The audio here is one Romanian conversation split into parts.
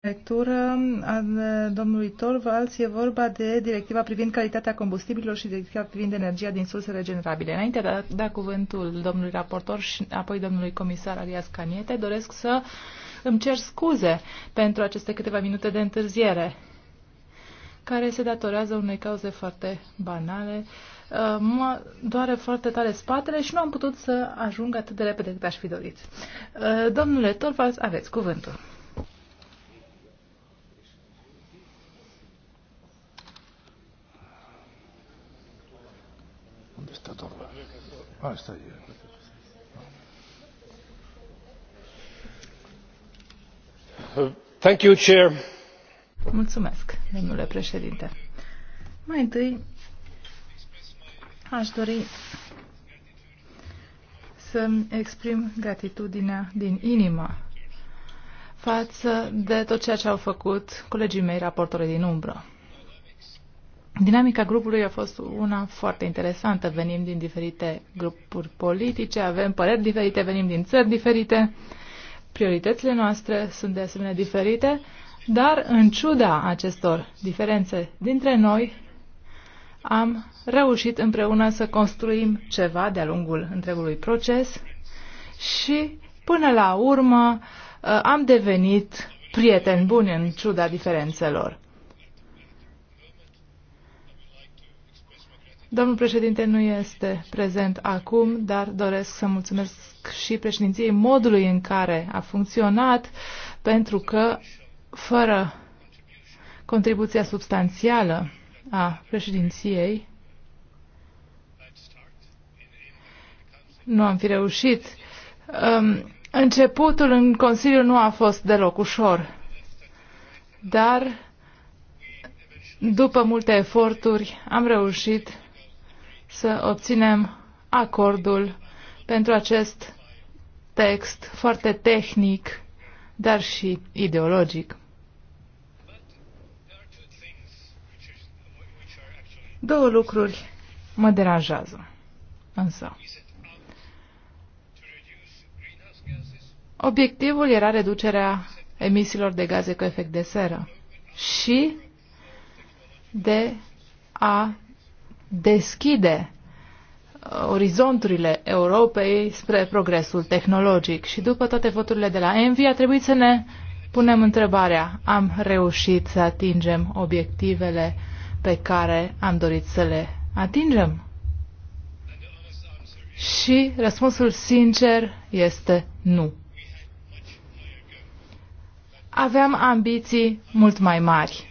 lectură a domnului Torvalds e vorba de directiva privind calitatea combustibililor și directiva privind energia din surse regenerabile. Înainte de a da cuvântul domnului raportor și apoi domnului comisar Arias Caniete, doresc să îmi cer scuze pentru aceste câteva minute de întârziere, care se datorează unei cauze foarte banale. Uh, mă doare foarte tare spatele și nu am putut să ajung atât de repede cât aș fi dorit. Uh, domnule Torvalds, aveți cuvântul. Asta e. Thank you, Chair. Mulțumesc, domnule președinte. Mai întâi, aș dori să exprim gratitudinea din inimă față de tot ceea ce au făcut colegii mei raportori din umbră. Dinamica grupului a fost una foarte interesantă. Venim din diferite grupuri politice, avem păreri diferite, venim din țări diferite. Prioritățile noastre sunt de asemenea diferite, dar în ciuda acestor diferențe dintre noi, am reușit împreună să construim ceva de-a lungul întregului proces și, până la urmă, am devenit prieteni buni în ciuda diferențelor. Domnul președinte nu este prezent acum, dar doresc să mulțumesc și președinției modului în care a funcționat, pentru că fără contribuția substanțială a președinției nu am fi reușit. Um, începutul în Consiliu nu a fost deloc ușor, dar după multe eforturi am reușit să obținem acordul pentru acest text foarte tehnic, dar și ideologic. Două lucruri mă deranjează, însă. Obiectivul era reducerea emisiilor de gaze cu efect de seră și de a deschide uh, orizonturile Europei spre progresul tehnologic. Și după toate voturile de la Envi a trebuit să ne punem întrebarea, am reușit să atingem obiectivele pe care am dorit să le atingem? Și răspunsul sincer este nu. Aveam ambiții mult mai mari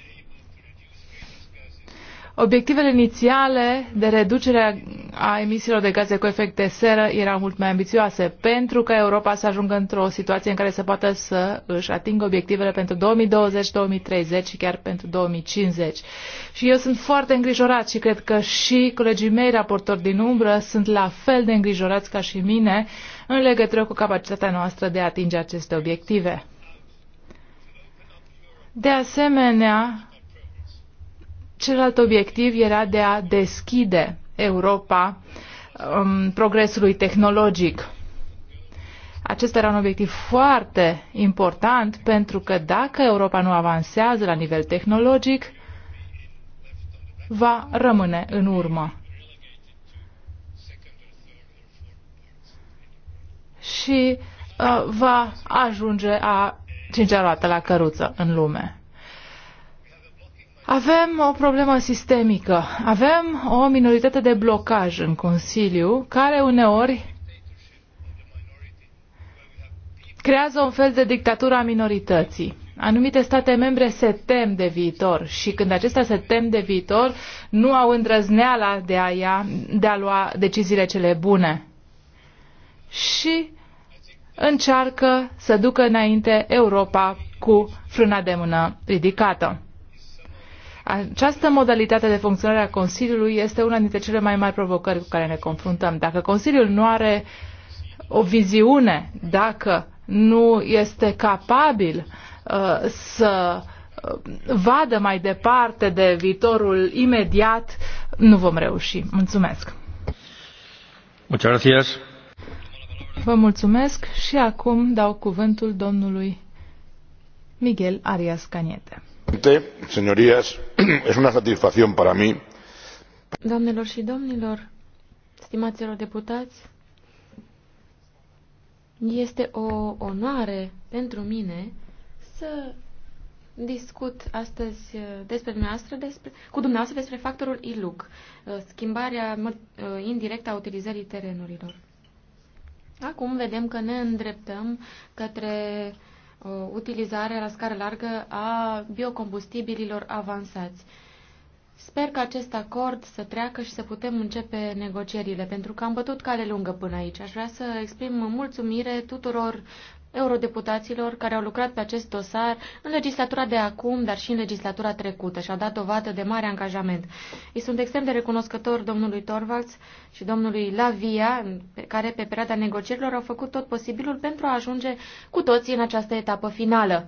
Obiectivele inițiale de reducere a emisiilor de gaze cu efect de seră erau mult mai ambițioase pentru că Europa să ajungă într-o situație în care să poată să își atingă obiectivele pentru 2020, 2030 și chiar pentru 2050. Și eu sunt foarte îngrijorat și cred că și colegii mei raportori din umbră sunt la fel de îngrijorați ca și mine în legătură cu capacitatea noastră de a atinge aceste obiective. De asemenea, Celălalt obiectiv era de a deschide Europa um, progresului tehnologic. Acesta era un obiectiv foarte important pentru că dacă Europa nu avansează la nivel tehnologic, va rămâne în urmă. Și uh, va ajunge a cincea roată la căruță în lume. Avem o problemă sistemică. Avem o minoritate de blocaj în Consiliu care uneori creează un fel de dictatură a minorității. Anumite state membre se tem de viitor și când acestea se tem de viitor, nu au îndrăzneala de a, ia, de a lua deciziile cele bune. Și încearcă să ducă înainte Europa cu frâna de mână ridicată. Această modalitate de funcționare a Consiliului este una dintre cele mai mari provocări cu care ne confruntăm. Dacă Consiliul nu are o viziune, dacă nu este capabil uh, să uh, vadă mai departe de viitorul imediat, nu vom reuși. Mulțumesc! Mulțumesc! Vă mulțumesc și acum dau cuvântul domnului Miguel Arias Caniete. Señorías, es una satisfacción para mí. Doamnelor și domnilor, stimaților deputați, este o onoare pentru mine să discut astăzi uh, despre dumneavoastră, despre, cu dumneavoastră despre factorul ILUC, uh, schimbarea uh, indirectă a utilizării terenurilor. Acum vedem că ne îndreptăm către Uh, utilizarea la scară largă a biocombustibililor avansați. Sper că acest acord să treacă și să putem începe negocierile, pentru că am bătut cale lungă până aici. Aș vrea să exprim mulțumire tuturor eurodeputaților care au lucrat pe acest dosar în legislatura de acum, dar și în legislatura trecută și au dat dovadă de mare angajament. Îi sunt extrem de recunoscător domnului Torvalds și domnului Lavia, care pe perioada negocierilor au făcut tot posibilul pentru a ajunge cu toții în această etapă finală.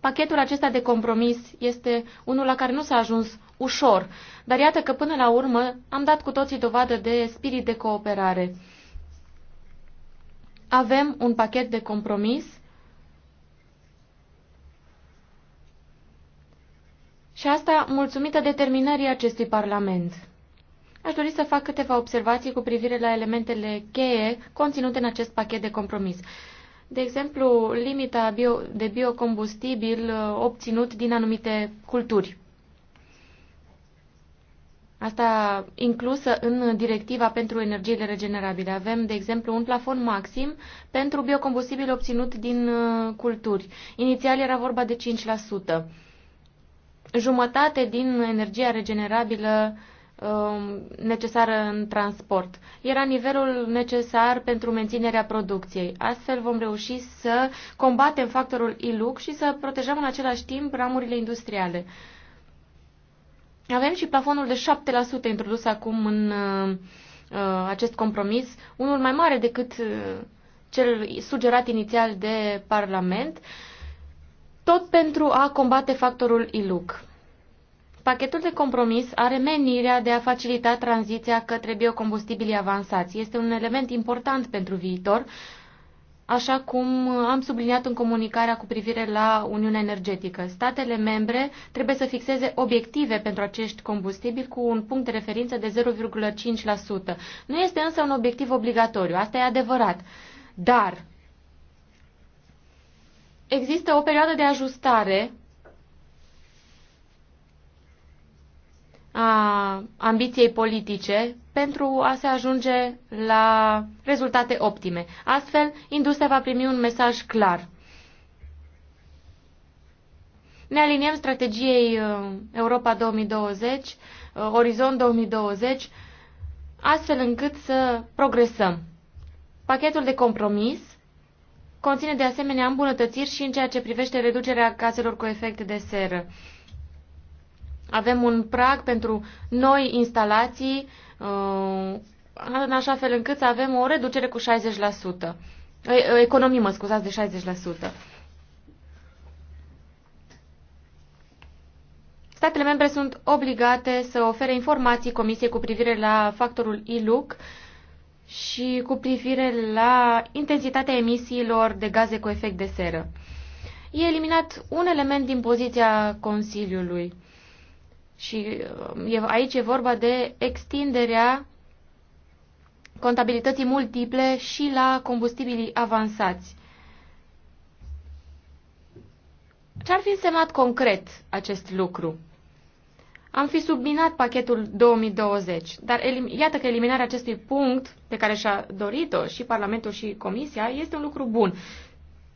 Pachetul acesta de compromis este unul la care nu s-a ajuns ușor, dar iată că până la urmă am dat cu toții dovadă de spirit de cooperare avem un pachet de compromis și asta mulțumită determinării acestui Parlament. Aș dori să fac câteva observații cu privire la elementele cheie conținute în acest pachet de compromis. De exemplu, limita bio, de biocombustibil uh, obținut din anumite culturi. Asta inclusă în directiva pentru energiile regenerabile. Avem, de exemplu, un plafon maxim pentru biocombustibil obținut din uh, culturi. Inițial era vorba de 5%. Jumătate din energia regenerabilă um, necesară în transport. Era nivelul necesar pentru menținerea producției. Astfel vom reuși să combatem factorul ILUC și să protejăm în același timp ramurile industriale. Avem și plafonul de 7% introdus acum în uh, uh, acest compromis, unul mai mare decât uh, cel sugerat inițial de Parlament, tot pentru a combate factorul ILUC. Pachetul de compromis are menirea de a facilita tranziția către biocombustibili avansați. Este un element important pentru viitor, așa cum am subliniat în comunicarea cu privire la Uniunea Energetică. Statele membre trebuie să fixeze obiective pentru acești combustibili cu un punct de referință de 0,5%. Nu este însă un obiectiv obligatoriu, asta e adevărat. Dar există o perioadă de ajustare a ambiției politice pentru a se ajunge la rezultate optime. Astfel, industria va primi un mesaj clar. Ne aliniem strategiei uh, Europa 2020, uh, Orizont 2020, astfel încât să progresăm. Pachetul de compromis conține de asemenea îmbunătățiri și în ceea ce privește reducerea gazelor cu efect de seră. Avem un prag pentru noi instalații, uh, în așa fel încât să avem o reducere cu 60%. Economii, mă scuzați, de 60%. Statele membre sunt obligate să ofere informații Comisiei cu privire la factorul ILUC și cu privire la intensitatea emisiilor de gaze cu efect de seră. E eliminat un element din poziția Consiliului. Și uh, aici e vorba de extinderea contabilității multiple și la combustibilii avansați. Ce ar fi însemnat concret acest lucru? Am fi subminat pachetul 2020, dar iată că eliminarea acestui punct pe care și-a dorit-o și Parlamentul și Comisia este un lucru bun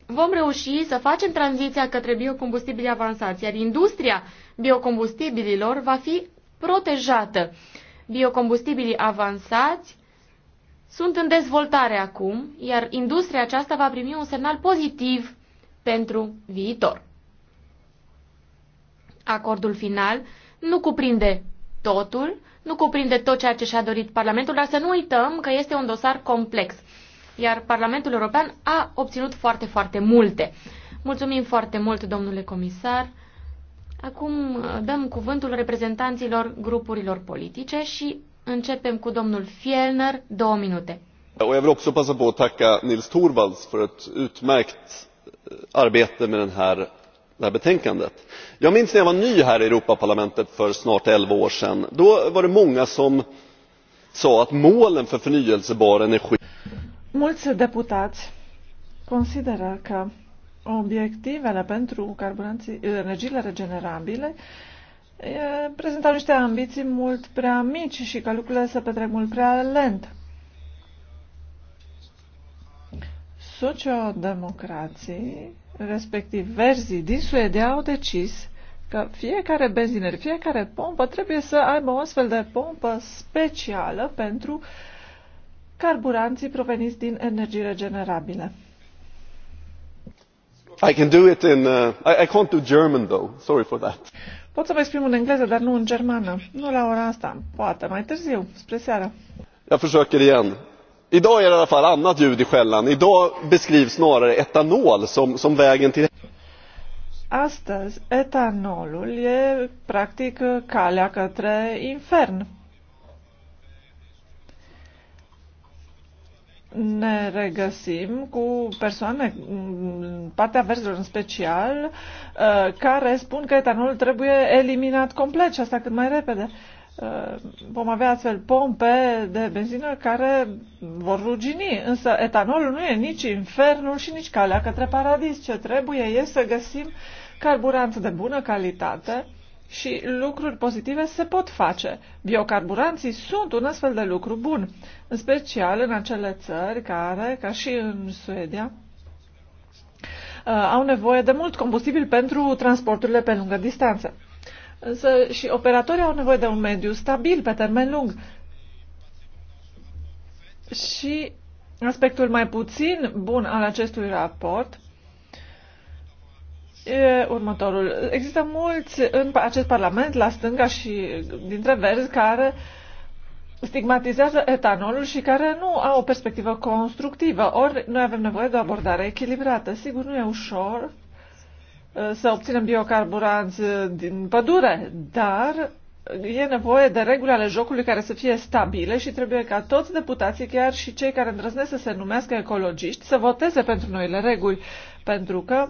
vom reuși să facem tranziția către biocombustibili avansați, iar industria biocombustibililor va fi protejată. Biocombustibilii avansați sunt în dezvoltare acum, iar industria aceasta va primi un semnal pozitiv pentru viitor. Acordul final nu cuprinde totul, nu cuprinde tot ceea ce și-a dorit Parlamentul, dar să nu uităm că este un dosar complex iar Parlamentul European a obținut foarte, foarte multe. Mulțumim foarte mult, domnule comisar. Acum uh, dăm cuvântul reprezentanților grupurilor politice și începem cu domnul Fielner, două minute. Och jag vill också passa på att tacka Nils Torvalds för ett utmärkt eh, arbete med den här, det här betänkandet. Jag minns när jag var ny här i Europaparlamentet för snart 11 år sedan. Då var det många som sa att målen för förnyelsebar energi Mulți deputați consideră că obiectivele pentru carburanții, energiile regenerabile prezentau niște ambiții mult prea mici și că lucrurile se petrec mult prea lent. Sociodemocrații, respectiv verzii din Suedia, au decis că fiecare benziner, fiecare pompă trebuie să aibă o astfel de pompă specială pentru uh, carburanții proveniți din energii regenerabile. I can do it in uh, I, I can't do German though. Sorry for that. Pot să vă exprim în engleză, dar nu în germană. Nu la ora asta, poate mai târziu, spre seară. Jag försöker igen. Idag är det i alla fall annat ljud i skällan. Idag beskrivs snarare etanol som, som vägen till... Astăzi, etanolul e practic calea către infern. ne regăsim cu persoane, partea verzilor în special, uh, care spun că etanolul trebuie eliminat complet și asta cât mai repede. Uh, vom avea astfel pompe de benzină care vor rugini, însă etanolul nu e nici infernul și nici calea către paradis. Ce trebuie e să găsim carburanți de bună calitate și lucruri pozitive se pot face. Biocarburanții sunt un astfel de lucru bun, în special în acele țări care, ca și în Suedia, uh, au nevoie de mult combustibil pentru transporturile pe lungă distanță. Însă și operatorii au nevoie de un mediu stabil pe termen lung. Și aspectul mai puțin bun al acestui raport E următorul. Există mulți în acest Parlament, la stânga și dintre verzi, care stigmatizează etanolul și care nu au o perspectivă constructivă. Ori noi avem nevoie de o abordare echilibrată. Sigur, nu e ușor uh, să obținem biocarburanți uh, din pădure, dar e nevoie de reguli ale jocului care să fie stabile și trebuie ca toți deputații, chiar și cei care îndrăznesc să se numească ecologiști, să voteze pentru noile reguli, pentru că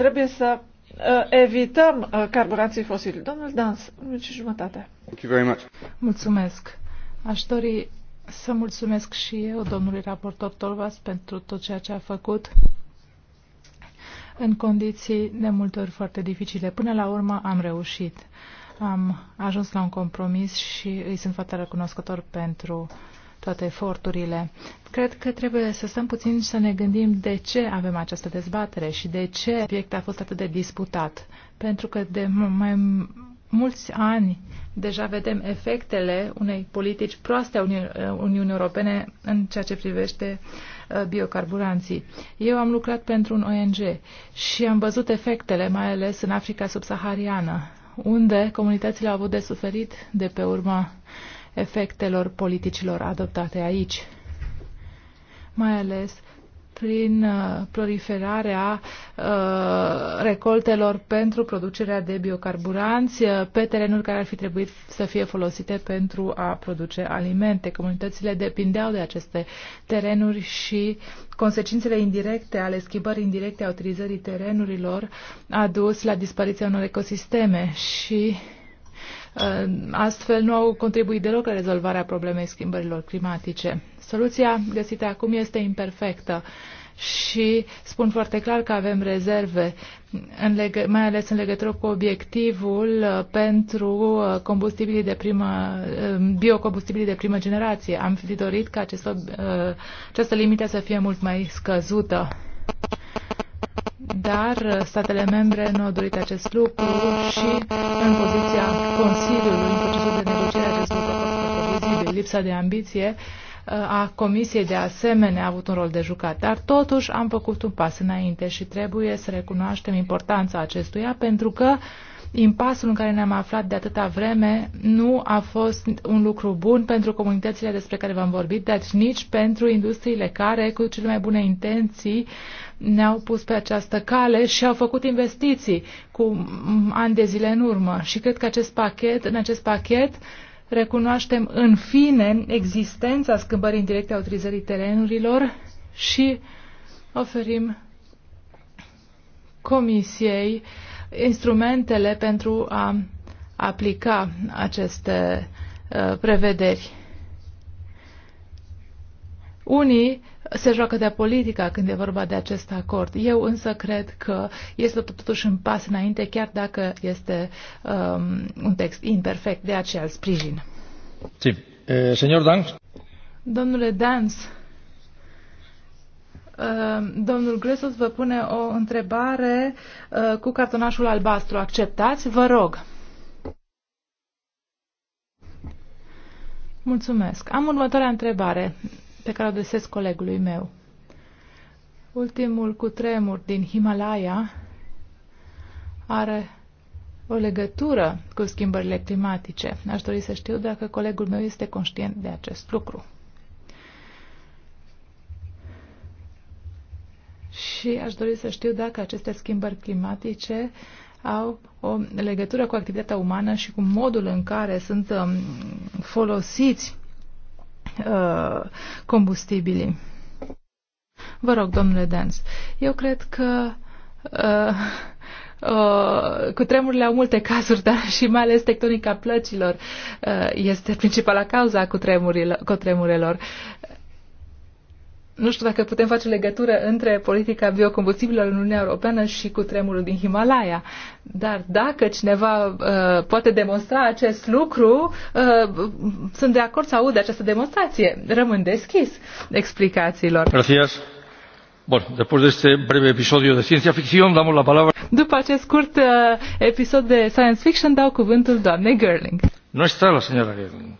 Trebuie să uh, evităm uh, carburanții fosili. Domnul Dans, minut și jumătate. Thank you very much. Mulțumesc. Aș dori să mulțumesc și eu domnului raportor Tolvas pentru tot ceea ce a făcut în condiții de multe ori foarte dificile. Până la urmă am reușit. Am ajuns la un compromis și îi sunt foarte recunoscător pentru uh, toate eforturile. Cred că trebuie să stăm puțin și să ne gândim de ce avem această dezbatere și de ce subiect a fost atât de disputat. Pentru că de mai mulți ani deja vedem efectele unei politici proaste a Uniunii Europene în ceea ce privește uh, biocarburanții. Eu am lucrat pentru un ONG și am văzut efectele, mai ales în Africa subsahariană, unde comunitățile au avut de suferit de pe urma efectelor politicilor adoptate aici, mai ales prin uh, proliferarea uh, recoltelor pentru producerea de biocarburanți uh, pe terenuri care ar fi trebuit să fie folosite pentru a produce alimente. Comunitățile depindeau de aceste terenuri și consecințele indirecte ale schimbării indirecte a utilizării terenurilor a dus la dispariția unor ecosisteme și uh, Uh, astfel nu au contribuit deloc la rezolvarea problemei schimbărilor climatice. Soluția găsită acum este imperfectă și spun foarte clar că avem rezerve, în legă, mai ales în legătură cu obiectivul uh, pentru uh, combustibilii de primă, biocombustibilii de primă generație. Am fi dorit ca această limită să fie mult mai scăzută dar statele membre nu au dorit acest lucru și în poziția Consiliului, în procesul de negociere, acest lucru a fost vizibil. Lipsa de ambiție uh, a Comisiei de asemenea a avut un rol de jucat, dar totuși am făcut un pas înainte și trebuie să recunoaștem importanța acestuia pentru că uh, impasul în care ne-am aflat de atâta vreme nu a fost un lucru bun pentru comunitățile despre care v-am vorbit, deci nici pentru industriile care, cu cele mai bune intenții, ne-au pus pe această cale și au făcut investiții cu ani de zile în urmă. Și cred că acest pachet, în acest pachet recunoaștem în fine existența schimbării indirecte a utilizării terenurilor și oferim Comisiei uh, instrumentele pentru a aplica aceste uh, prevederi. Unii se joacă de politica când e vorba de acest acord. Eu însă cred că este totuși un pas înainte, chiar dacă este um, un text imperfect, de aceea îl sprijin. Sí. Eh, señor Domnule Dans, Ehm, domnul Gresos vă pune o întrebare eh, cu cartonașul albastru. Acceptați? Vă rog. Mulțumesc. Am următoarea întrebare pe care o adresez colegului meu. Ultimul cutremur din Himalaya are o legătură cu schimbările climatice. Aș dori să știu dacă colegul meu este conștient de acest lucru. și aș dori să știu dacă aceste schimbări climatice au o legătură cu activitatea umană și cu modul în care sunt um, folosiți uh, combustibilii. Vă rog, domnule Dens. eu cred că uh, uh, cu tremurile au multe cazuri, dar și mai ales tectonica plăcilor uh, este principala cauza cu, tremurilor. cu Uh, nu știu dacă putem face legătură între politica biocombustibilă în Uniunea Europeană și cu tremurul din Himalaya. Dar dacă cineva uh, poate demonstra acest lucru, uh, sunt de acord să aud această demonstrație. Rămân deschis explicațiilor. Gracias. Bun, después de este breve episodio de ciencia ficción, damos la palabra. După acest scurt uh, episod de science fiction, dau cuvântul doamnei Gerling. Nu este la señora Gerling.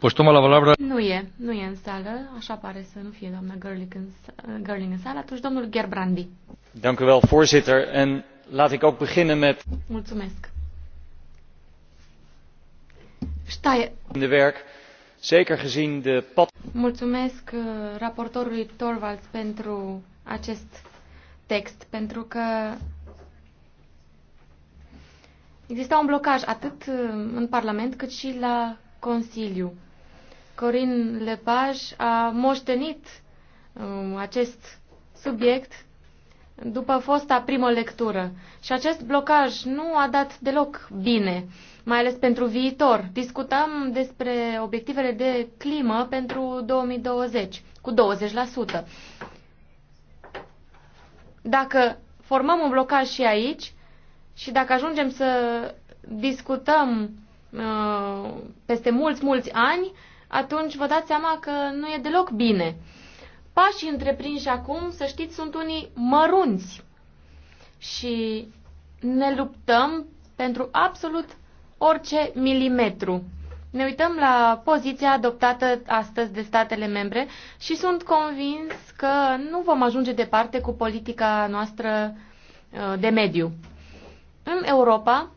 Poți toma la palabra. Nu e, nu e în sală, așa pare să nu fie doamna Gerling în, în sală, atunci domnul Gerbrandi. Dank u wel, voorzitter. En laat ik ook beginnen met... Mulțumesc. ...de werk, zeker gezien de pad... Mulțumesc uh, raportorului Torvalds pentru acest text, pentru că exista un blocaj atât uh, în Parlament cât și la Consiliu. Corin Lepaj a moștenit um, acest subiect după fosta primă lectură. Și acest blocaj nu a dat deloc bine, mai ales pentru viitor. Discutam despre obiectivele de climă pentru 2020, cu 20%. Dacă formăm un blocaj și aici și dacă ajungem să discutăm uh, peste mulți, mulți ani, atunci vă dați seama că nu e deloc bine. Pașii întreprinși acum, să știți, sunt unii mărunți și ne luptăm pentru absolut orice milimetru. Ne uităm la poziția adoptată astăzi de statele membre și sunt convins că nu vom ajunge departe cu politica noastră uh, de mediu. În Europa,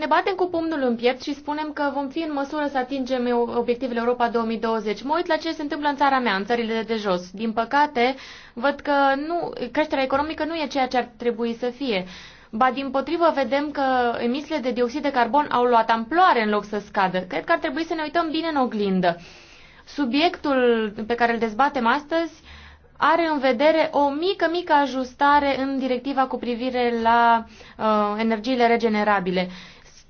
ne batem cu pumnul în piept și spunem că vom fi în măsură să atingem obiectivele Europa 2020. Mă uit la ce se întâmplă în țara mea, în țările de jos. Din păcate, văd că nu, creșterea economică nu e ceea ce ar trebui să fie. Ba din potrivă vedem că emisiile de dioxid de carbon au luat amploare în loc să scadă. Cred că ar trebui să ne uităm bine în oglindă. Subiectul pe care îl dezbatem astăzi are în vedere o mică, mică ajustare în directiva cu privire la uh, energiile regenerabile.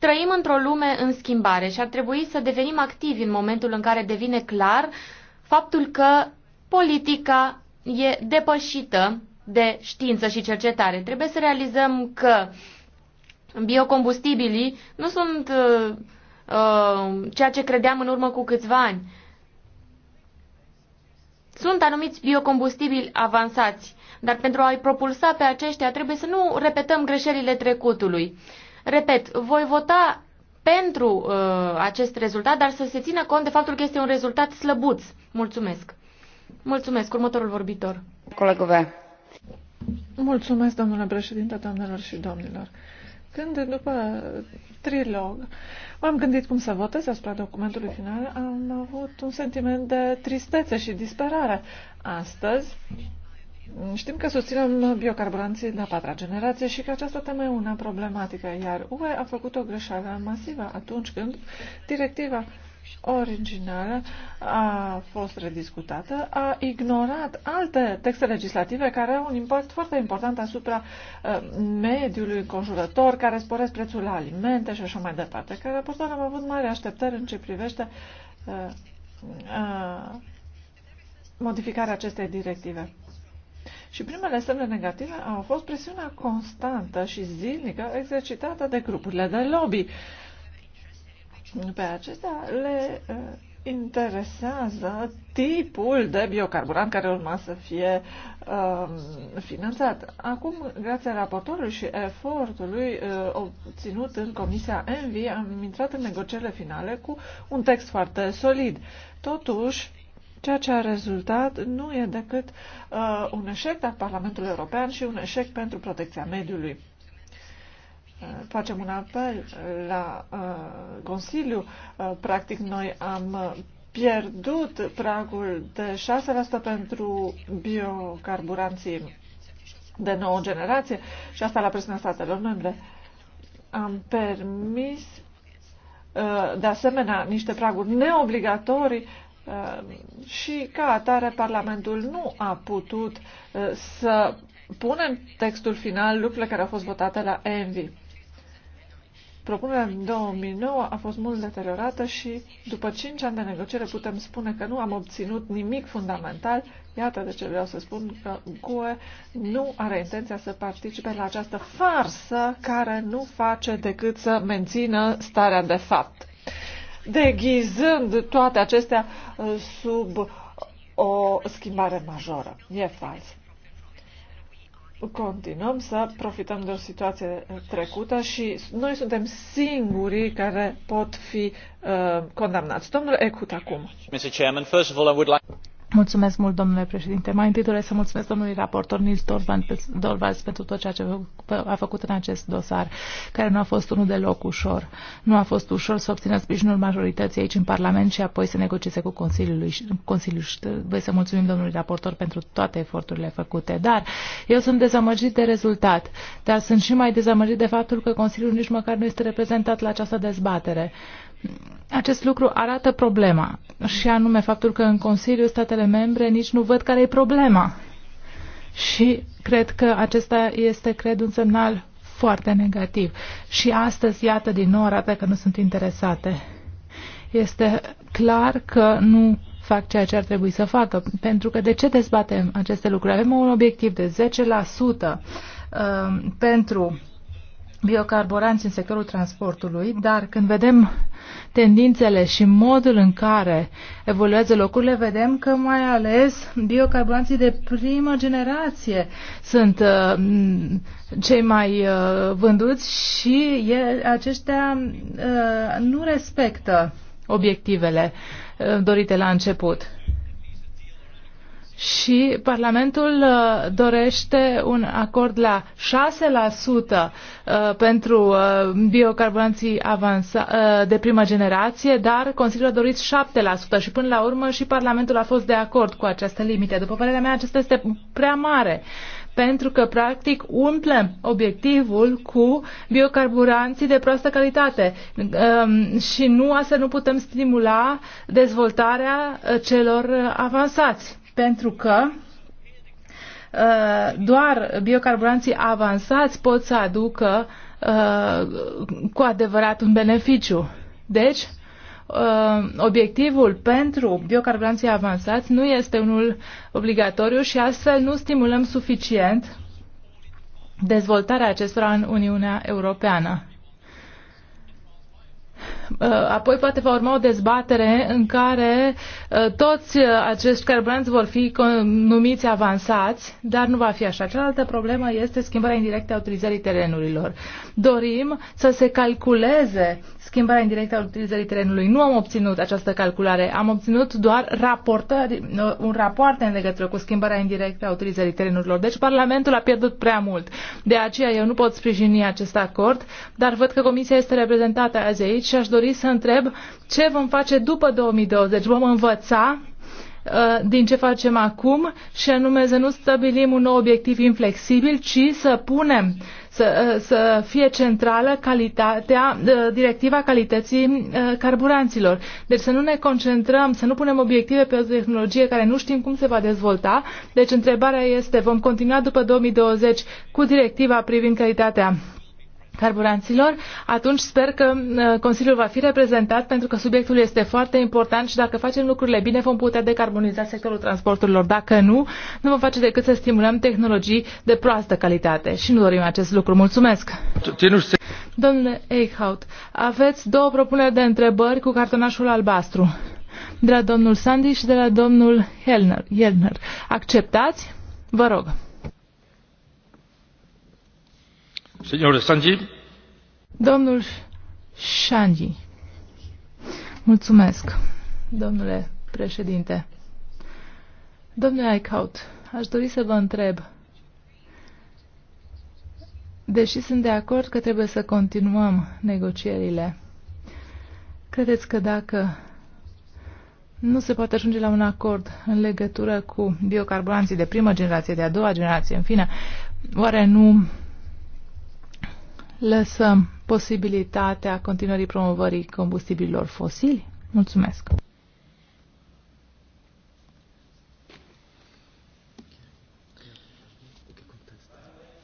Trăim într-o lume în schimbare și ar trebui să devenim activi în momentul în care devine clar faptul că politica e depășită de știință și cercetare. Trebuie să realizăm că biocombustibilii nu sunt uh, uh, ceea ce credeam în urmă cu câțiva ani. Sunt anumiți biocombustibili avansați, dar pentru a-i propulsa pe aceștia trebuie să nu repetăm greșelile trecutului. Uh, Repet, voi vota pentru uh, acest rezultat, dar să se țină cont de faptul că este un rezultat slăbuț. Mulțumesc. Mulțumesc. Următorul vorbitor. Colegove. Mulțumesc, domnule președinte, doamnelor și domnilor. Când, după trilog, m-am gândit cum să votez asupra documentului final, am avut un sentiment de tristețe și disperare. Astăzi, Știm că susținem biocarburanții la patra generație și că această temă e una problematică, iar UE a făcut o greșeală masivă atunci când directiva originală a fost rediscutată, a ignorat alte texte legislative care au un impact foarte important asupra uh, mediului înconjurător, care sporesc prețul la alimente și așa mai departe. Ca raportor am avut mari așteptări în ce privește uh, uh, modificarea acestei directive. Și primele semne negative au fost presiunea constantă și zilnică exercitată de grupurile de lobby. Pe acestea le uh, interesează tipul de biocarburant care urma să fie uh, finanțat. Acum, grație raportorului și efortului uh, obținut în Comisia Envi, am intrat în negocierile finale cu un text foarte solid. Totuși, Ceea ce a rezultat nu e decât uh, un eșec al Parlamentului European și un eșec pentru protecția mediului. Uh, facem un apel uh, la uh, Consiliu. Uh, practic, noi am pierdut pragul de 6% pentru biocarburanții de nouă generație și asta la presiunea statelor membre. Am permis uh, de asemenea niște praguri neobligatorii Ehm, și ca atare Parlamentul nu a putut eh, să pună în textul final lucrurile care au fost votate la ENVI. Propunerea din 2009 a fost mult deteriorată și după 5 ani de negociere putem spune că nu am obținut nimic fundamental. Iată de ce vreau să spun că GUE nu are intenția să participe la această farsă care nu face decât să mențină starea de fapt deghizând toate acestea uh, sub o schimbare majoră. E fals. Continuăm să profităm de o situație trecută și noi suntem singurii care pot fi uh, condamnați. Domnul Ecut acum. Mulțumesc mult, domnule președinte. Mai întâi doresc să mulțumesc domnului raportor Nils Dorvalds pentru tot ceea ce a făcut în acest dosar, care nu a fost unul deloc ușor. Nu a fost ușor să obțină sprijinul majorității aici în Parlament și apoi să negocieze cu Consiliul. Consiliul. Voi să mulțumim domnului raportor pentru toate eforturile făcute. Dar eu sunt dezamăgit de rezultat, dar sunt și mai dezamăgit de faptul că Consiliul nici măcar nu este reprezentat la această dezbatere acest lucru arată problema și anume faptul că în Consiliu statele membre nici nu văd care e problema. Și cred că acesta este, cred, un semnal foarte negativ. Și astăzi, iată, din nou arată că nu sunt interesate. Este clar că nu fac ceea ce ar trebui să facă. Pentru că de ce dezbatem aceste lucruri? Avem un obiectiv de 10% um, pentru biocarburanți în sectorul transportului, dar când vedem tendințele și modul în care evoluează locurile, vedem că mai ales biocarburanții de primă generație sunt uh, cei mai uh, vânduți și aceștia uh, nu respectă obiectivele dorite la început și Parlamentul uh, dorește un acord la 6% uh, pentru uh, biocarburanții avansa, de primă generație, dar Consiliul a dorit 7% și până la urmă și Parlamentul a fost de acord cu această limită. După părerea mea, acesta este prea mare pentru că practic umplem obiectivul cu biocarburanții de proastă calitate um, și nu astfel nu putem stimula dezvoltarea celor avansați pentru că uh, doar biocarburanții avansați pot să aducă uh, cu adevărat un beneficiu. Deci, uh, obiectivul pentru biocarburanții avansați nu este unul obligatoriu și astfel nu stimulăm suficient dezvoltarea acestora în Uniunea Europeană. Uh, apoi poate va urma o dezbatere în care uh, toți uh, acești carburanți vor fi numiți avansați, dar nu va fi așa. Cealaltă problemă este schimbarea indirectă a utilizării terenurilor. Dorim să se calculeze schimbarea indirectă a utilizării terenului. Nu am obținut această calculare, am obținut doar raportări, uh, un rapoarte în legătură cu schimbarea indirectă a utilizării terenurilor. Deci Parlamentul a pierdut prea mult. De aceea eu nu pot sprijini acest acord, dar văd că Comisia este reprezentată azi aici și aș dori să întreb ce vom face după 2020. Vom învăța uh, din ce facem acum și anume să nu stabilim un nou obiectiv inflexibil, ci să punem uh, să, ă, să fie centrală calitatea, ă, directiva calității ă, carburanților. Deci să nu ne concentrăm, să nu punem obiective pe o tehnologie care nu știm cum se va dezvolta. Deci întrebarea este, vom continua după 2020 cu directiva privind calitatea carburanților, atunci sper că uh, Consiliul va fi reprezentat pentru că subiectul este foarte important și dacă facem lucrurile bine vom putea decarboniza sectorul transporturilor. Dacă nu, nu vom face decât să stimulăm tehnologii de proastă calitate și nu dorim acest lucru. Mulțumesc! Domnule Eichhout, aveți două propuneri de întrebări cu cartonașul albastru de la domnul Sandy și de la domnul Helner. Acceptați? Vă rog. Domnul Shangi. Mulțumesc, domnule președinte. Domnule Aicaut, aș dori să vă întreb. Deși sunt de acord că trebuie să continuăm negocierile, credeți că dacă nu se poate ajunge la un acord în legătură cu biocarburanții de primă generație, de a doua generație, în fine, oare nu lăsăm posibilitatea continuării promovării combustibililor fosili? Mulțumesc!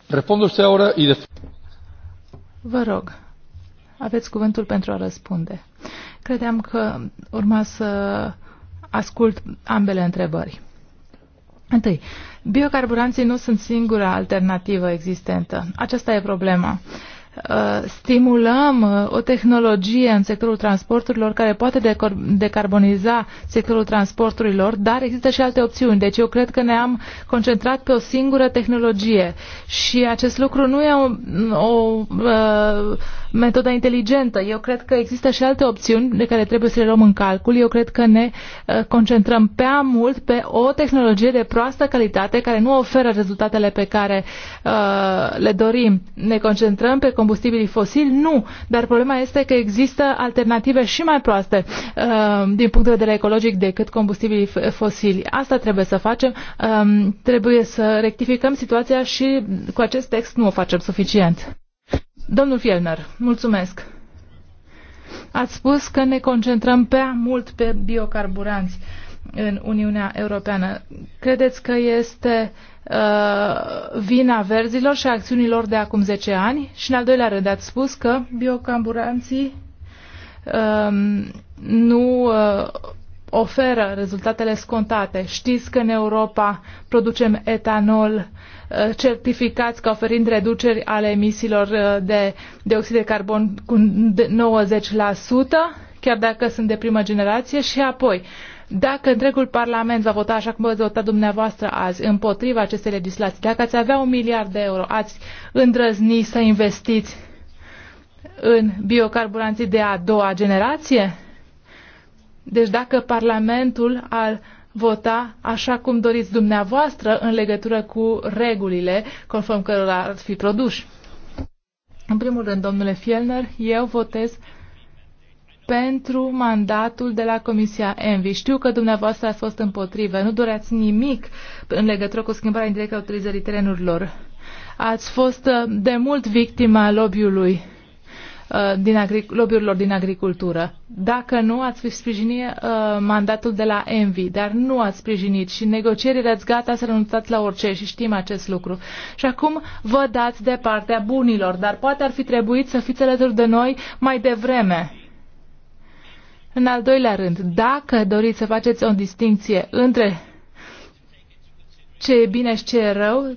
Răspund Vă rog, aveți cuvântul pentru a răspunde. Credeam că urma să ascult ambele întrebări. Întâi, biocarburanții nu sunt singura alternativă existentă. Aceasta e problema. Uh, Uh, stimulăm uh, o tehnologie în sectorul transporturilor care poate decarboniza sectorul transporturilor, dar există și alte opțiuni. Deci eu cred că ne-am concentrat pe o singură tehnologie și acest lucru nu e o, o, uh, o metoda inteligentă. Eu cred că există și alte opțiuni de care trebuie să le luăm în calcul. Eu cred că ne uh, concentrăm prea mult pe o tehnologie de proastă calitate care nu oferă rezultatele pe care uh, le dorim. Ne concentrăm pe combustibilii fosili? Nu. Dar problema este că există alternative și mai proaste uh, din punct de vedere ecologic decât combustibilii fosili. Asta trebuie să facem. Uh, trebuie să rectificăm situația și cu acest text nu o facem suficient. Domnul Fielner, mulțumesc. Ați spus că ne concentrăm prea mult pe biocarburanți în Uniunea Europeană. Credeți că este uh, vina verzilor și acțiunilor de acum 10 ani? Și în al doilea rând ați spus că biocarburanții uh, nu uh, oferă rezultatele scontate. Știți că în Europa producem etanol uh, certificați ca oferind reduceri ale emisiilor uh, de dioxid de carbon cu 90%, chiar dacă sunt de primă generație, și apoi dacă întregul Parlament va vota așa cum ați votat dumneavoastră azi împotriva acestei legislații, dacă ați avea un miliard de euro, ați îndrăzni să investiți în biocarburanții de a doua generație? Deci dacă Parlamentul ar vota așa cum doriți dumneavoastră în legătură cu regulile conform cărora ar fi produși. În primul rând, domnule Fielner, eu votez pentru mandatul de la Comisia Envi. Știu că dumneavoastră ați fost împotrivă, nu doreați nimic în legătură cu schimbarea indirectă a utilizării terenurilor. Ați fost uh, de mult victima lobby-ului Uh, din lobby-urilor din agricultură. Dacă nu, ați fi sprijini uh, mandatul de la Envi, dar nu ați sprijinit și negocierile ați gata să renunțați la orice și știm acest lucru. Și acum vă dați de partea bunilor, dar poate ar fi trebuit să fiți alături de noi mai devreme. În al doilea rând, dacă doriți să faceți o distinție între ce e bine și ce e rău,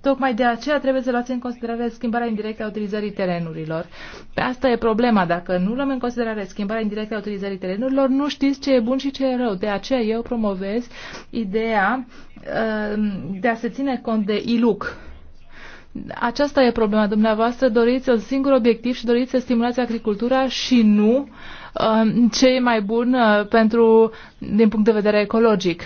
Tocmai de aceea trebuie să luați în considerare schimbarea indirectă a utilizării terenurilor. Pe asta e problema. Dacă nu luăm în considerare schimbarea indirectă a utilizării terenurilor, nu știți ce e bun și ce e rău. De aceea eu promovez ideea uh, de a se ține cont de ILUC, aceasta e problema dumneavoastră. Doriți un singur obiectiv și doriți să stimulați agricultura și nu uh, ce e mai bun uh, pentru, din punct de vedere ecologic.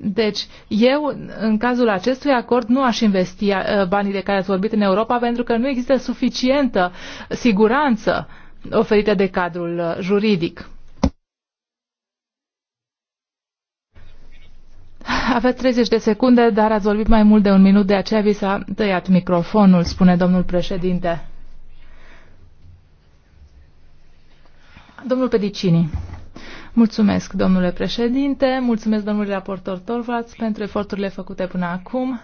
Deci, eu, în cazul acestui acord, nu aș investi uh, banii de care ați vorbit în Europa pentru că nu există suficientă siguranță oferită de cadrul uh, juridic. Aveți 30 de secunde, dar ați vorbit mai mult de un minut, de aceea vi s-a tăiat microfonul, spune domnul președinte. Domnul Pedicini. Mulțumesc, domnule președinte, mulțumesc, domnule raportor Torvalds, pentru eforturile făcute până acum,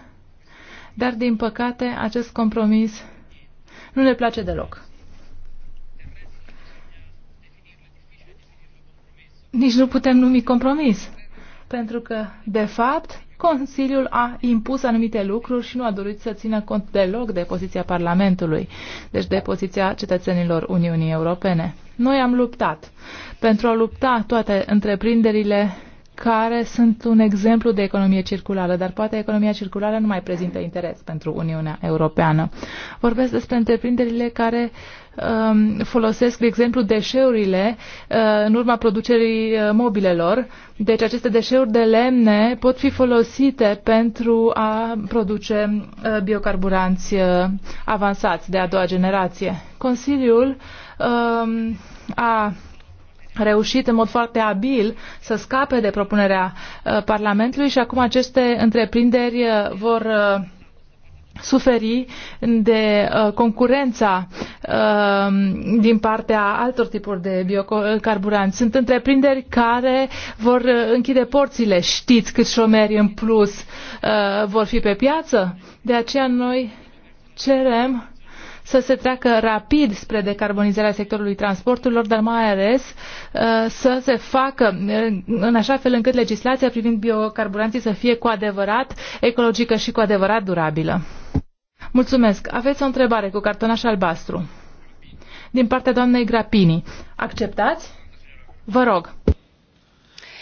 dar, din păcate, acest compromis nu ne place deloc. Nici nu putem numi compromis pentru că, de fapt, Consiliul a impus anumite lucruri și nu a dorit să țină cont deloc de poziția Parlamentului, deci de poziția cetățenilor Uniunii Europene. Noi am luptat pentru a lupta toate întreprinderile care sunt un exemplu de economie circulară, dar poate economia circulară nu mai prezintă interes pentru Uniunea Europeană. Vorbesc despre întreprinderile care um, folosesc, de exemplu, deșeurile uh, în urma producerii uh, mobilelor. Deci aceste deșeuri de lemne pot fi folosite pentru a produce uh, biocarburanți uh, avansați de a doua generație. Consiliul uh, a reușit în mod foarte abil să scape de propunerea uh, Parlamentului și acum aceste întreprinderi uh, vor uh, suferi de concurența din partea altor tipuri de biocarburanți. Sunt întreprinderi care vor închide porțile. Știți câți șomeri în plus vor fi pe piață? De aceea noi cerem să se treacă rapid spre decarbonizarea sectorului transporturilor, dar mai ales uh, să se facă uh, în așa fel încât legislația privind biocarburanții să fie cu adevărat ecologică și cu adevărat durabilă. Mulțumesc. Aveți o întrebare cu cartonaș albastru din partea doamnei Grapini. Acceptați? Vă rog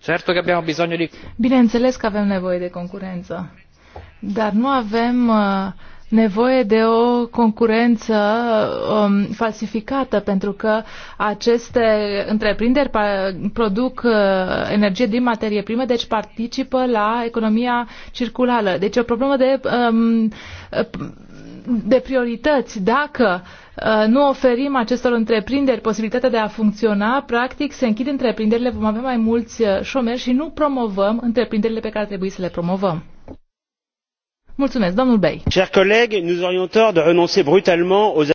Certo che abbiamo bisogno di... Bineînțeles că avem nevoie de concurență, dar nu avem uh, nevoie de o concurență um, falsificată, pentru că aceste întreprinderi produc uh, energie din materie primă, deci participă la economia circulară. Deci e o problemă de um, de priorități. Dacă uh, nu oferim acestor întreprinderi posibilitatea de a funcționa, practic se închid întreprinderile, vom avea mai mulți uh, șomeri și nu promovăm întreprinderile pe care trebuie să le promovăm. Mulțumesc, domnul Bey. Chers collègues, nous aurions tort de renoncer brutalement aux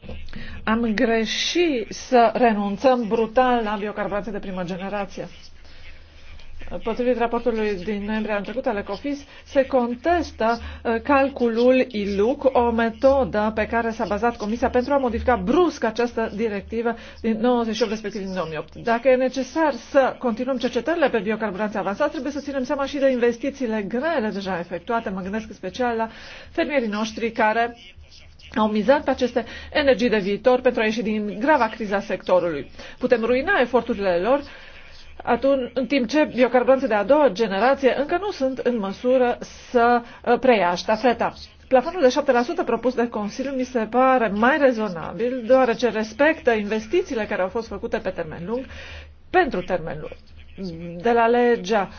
am greșit să renunțăm brutal la biocarburanții de primă generație. Potrivit raportului din noiembrie anul trecut al Ecofis, se contestă uh, calculul ILUC, o metodă pe care s-a bazat Comisia pentru a modifica brusc această directivă din 98, respectiv din 2008. Dacă e necesar să continuăm cercetările pe biocarburanți avansați, trebuie să ținem seama și de investițiile grele deja efectuate. Mă gândesc în special la fermierii noștri care au mizat pe aceste energii de viitor pentru a ieși din grava criza sectorului. Putem ruina eforturile lor atunci, în timp ce biocarburanții de a doua generație încă nu sunt în măsură să uh, preia ștafeta. Plafonul de 7% propus de Consiliu mi se pare mai rezonabil, deoarece respectă investițiile care au fost făcute pe termen lung pentru termen lung de la legea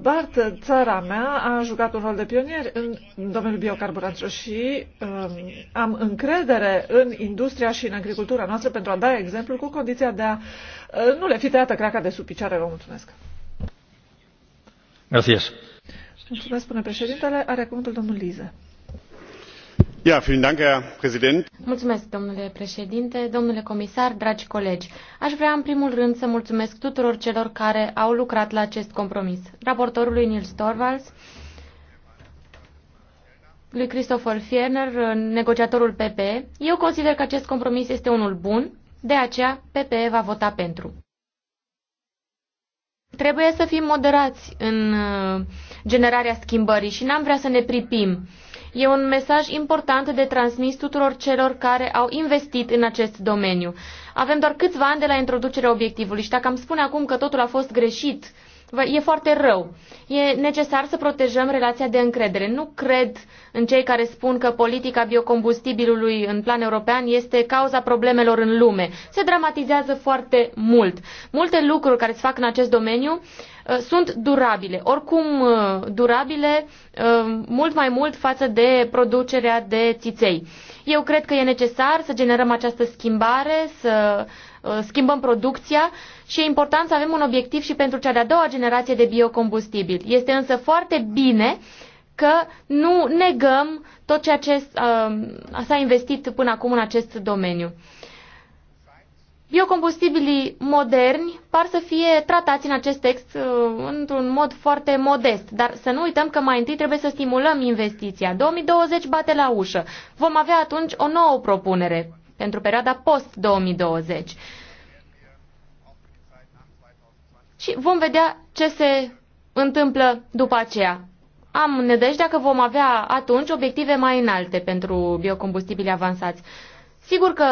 BART, țara mea a jucat un rol de pionier în domeniul biocarburanților și um, am încredere în industria și în agricultura noastră pentru a da exemplul cu condiția de a uh, nu le fi tăiată craca de sub picioare. Vă mulțumesc. Mulțumesc, spune președintele. Are cuvântul domnul Lize mulțumesc, domnule președinte, domnule comisar, dragi colegi. Aș vrea în primul rând să mulțumesc tuturor celor care au lucrat la acest compromis. Raportorului Nils Torvalds, lui christofer fjellner negociatorul PPE. Eu consider că acest compromis este unul bun, de aceea PPE va vota pentru. Trebuie să fim moderați în uh, generarea schimbării și n-am vrea să ne pripim. E un mesaj important de transmis tuturor celor care au investit în acest domeniu. Avem doar câțiva ani de la introducerea obiectivului și dacă am spune acum că totul a fost greșit e foarte rău. E necesar să protejăm relația de încredere. Nu cred în cei care spun că politica biocombustibilului în plan european este cauza problemelor în lume. Se dramatizează foarte mult. Multe lucruri care se fac în acest domeniu uh, sunt durabile, oricum uh, durabile uh, mult mai mult față de producerea de țiței. Eu cred că e necesar să generăm această schimbare, să schimbăm producția și e important să avem un obiectiv și pentru cea de-a doua generație de biocombustibil. Este însă foarte bine că nu negăm tot ceea ce uh, s-a investit până acum în acest domeniu. Biocombustibilii moderni par să fie tratați în acest text uh, într-un mod foarte modest, dar să nu uităm că mai întâi trebuie să stimulăm investiția. 2020 bate la ușă. Vom avea atunci o nouă propunere pentru perioada post-2020 și vom vedea ce se întâmplă după aceea. Am nădejdea că vom avea atunci obiective mai înalte pentru biocombustibili avansați. Sigur că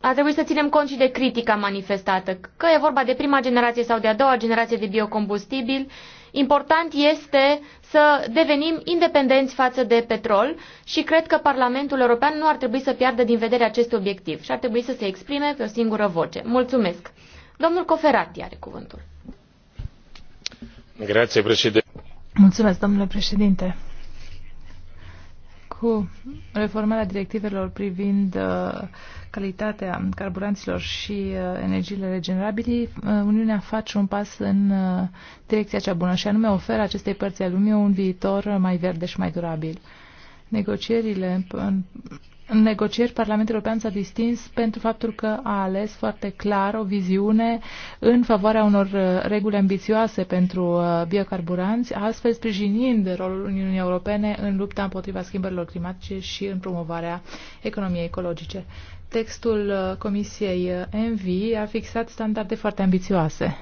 a trebuit să ținem cont și de critica manifestată, că e vorba de prima generație sau de a doua generație de biocombustibil. Important este să devenim independenți față de petrol și cred că Parlamentul European nu ar trebui să piardă din vedere acest obiectiv și ar trebui să se exprime pe o singură voce. Mulțumesc! Domnul Coferati are cuvântul. Mulțumesc, domnule președinte. Cu reformarea directivelor privind uh, calitatea carburanților și uh, energiile regenerabile, uh, Uniunea face un pas în direcția cea bună și anume oferă acestei părți a lumii un viitor mai verde și mai durabil. Negocierile în negocieri, Parlamentul European s-a distins pentru faptul că a ales foarte clar o viziune în favoarea unor uh, reguli ambițioase pentru uh, biocarburanți, astfel sprijinind rolul Uniunii Europene în lupta împotriva schimbărilor climatice și în promovarea economiei ecologice. Textul uh, Comisiei ENVI a fixat standarde foarte ambițioase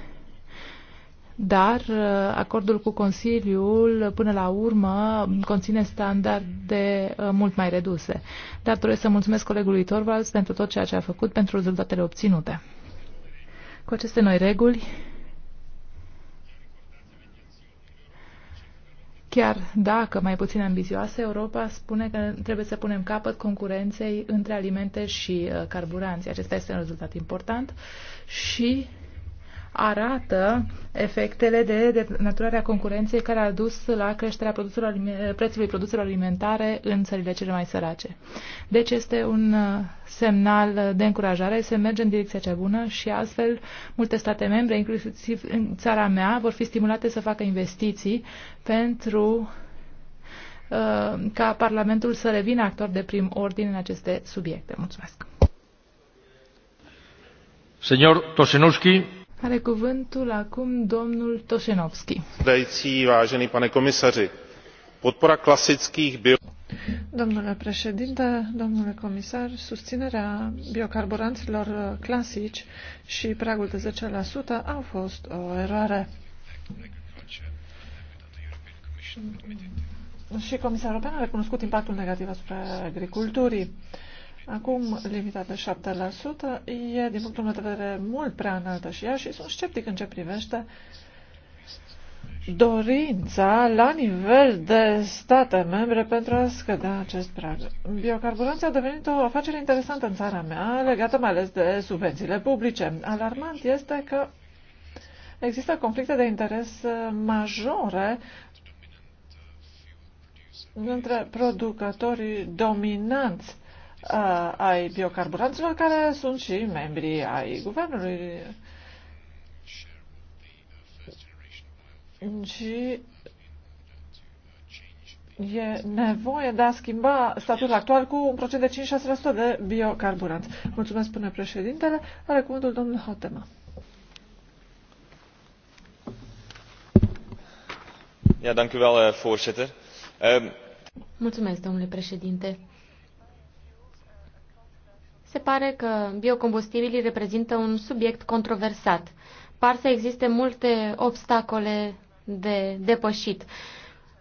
dar uh, acordul cu Consiliul până la urmă conține standarde uh, mult mai reduse. Dar trebuie să mulțumesc colegului Torvalds pentru tot ceea ce a făcut, pentru rezultatele obținute. Cu aceste noi reguli, chiar dacă mai puțin ambizioase, Europa spune că trebuie să punem capăt concurenței între alimente și uh, carburanți. Acesta este un rezultat important și arată efectele de denaturarea a concurenței care a dus la creșterea produselor, prețului produselor alimentare în țările cele mai sărace. Deci este un uh, semnal de încurajare, se merge în direcția cea bună și astfel multe state membre, inclusiv în țara mea, vor fi stimulate să facă investiții pentru uh, ca Parlamentul să revină actor de prim ordin în aceste subiecte. Mulțumesc. Señor Tosenovski, are cuvântul acum domnul Toșenovski. vážený pane komisaři, podpora klasických bio... Domnule președinte, domnule comisar, susținerea biocarburanților clasici și pragul de 10% au fost o eroare. Și Comisia Europeană a recunoscut impactul negativ asupra agriculturii. Acum, limita de 7% e, din punctul meu de vedere, mult prea înaltă și ea și sunt sceptic în ce privește dorința la nivel de state membre pentru a scădea acest prag. Biocarburanții au devenit o afacere interesantă în țara mea, legată mai ales de subvențiile publice. Alarmant este că există conflicte de interes uh, majore între producătorii dominanți uh, ai biocarburanților, care sunt și membrii ai guvernului. Și e nevoie de a schimba statul actual cu un procent de 5-6% de biocarburanți. Mulțumesc, spune președintele. Are cuvântul domnul Hotema. Ja, dank u wel, eh, voorzitter. Ehm, Mulțumesc, domnule președinte. Se pare că biocombustibilii reprezintă un subiect controversat. Par să existe multe obstacole de depășit.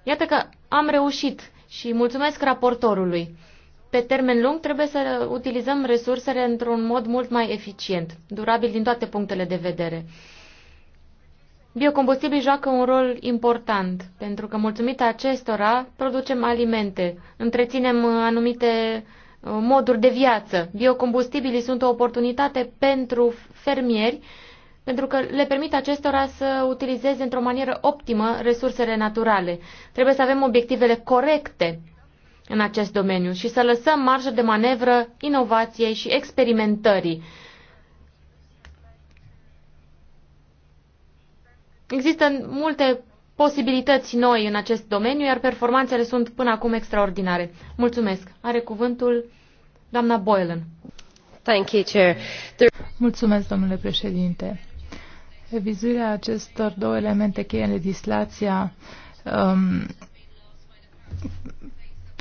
Iată că am reușit și mulțumesc raportorului. Pe termen lung trebuie să utilizăm resursele într-un mod mult mai eficient, durabil din toate punctele de vedere. Biocombustibilii joacă un rol important, pentru că mulțumită acestora producem alimente, întreținem anumite uh, Uh, moduri de viață. Biocombustibilii sunt o oportunitate pentru fermieri, pentru că le permit acestora să utilizeze într-o manieră optimă resursele naturale. Trebuie să avem obiectivele corecte în acest domeniu și să lăsăm marjă de manevră inovației și experimentării. Există multe posibilități noi în acest domeniu, iar performanțele sunt până acum extraordinare. Mulțumesc. Are cuvântul doamna Boylan. Thank you, Chair. Mulțumesc, domnule președinte. Revizuirea acestor două elemente cheie în legislația um,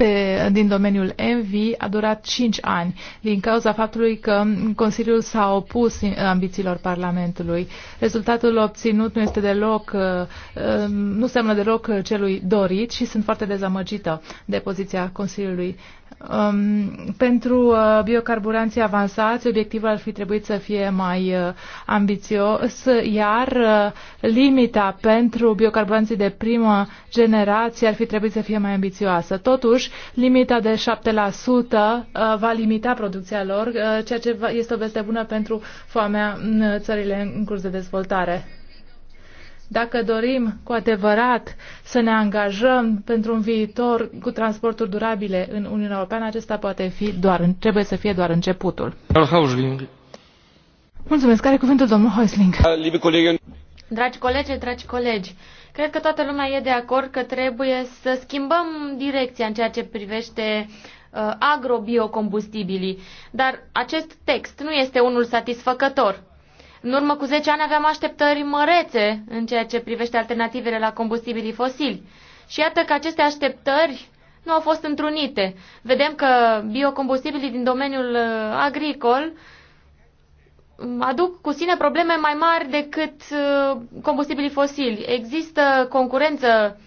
pe, din domeniul MV a durat 5 ani din cauza faptului că Consiliul s-a opus ambițiilor Parlamentului. Rezultatul obținut nu este deloc, uh, uh, nu seamănă deloc celui dorit și sunt foarte dezamăgită de poziția Consiliului Um, pentru uh, biocarburanții avansați, obiectivul ar fi trebuit să fie mai uh, ambițios, iar uh, limita pentru biocarburanții de primă generație ar fi trebuit să fie mai ambițioasă. Totuși, limita de 7% uh, va limita producția lor, uh, ceea ce va, este o veste bună pentru foamea în mm, țările în curs de dezvoltare. Dacă dorim cu adevărat să ne angajăm pentru un viitor cu transporturi durabile în Uniunea Europeană, acesta poate fi doar, trebuie să fie doar începutul. Mulțumesc. Care cuvântul domnul Heusling? Ah, dragi colegi, dragi colegi, cred că toată lumea e de acord că trebuie să schimbăm direcția în ceea ce privește agrobiocombustibilii. Uh, agrobiocombustibili. Dar acest text nu este unul satisfăcător. În urmă cu 10 ani aveam așteptări mărețe în ceea ce privește alternativele la combustibilii fosili. Și iată că aceste așteptări nu au fost întrunite. Vedem că biocombustibilii din domeniul uh, agricol um, aduc cu sine probleme mai mari decât uh, combustibilii fosili. Există concurență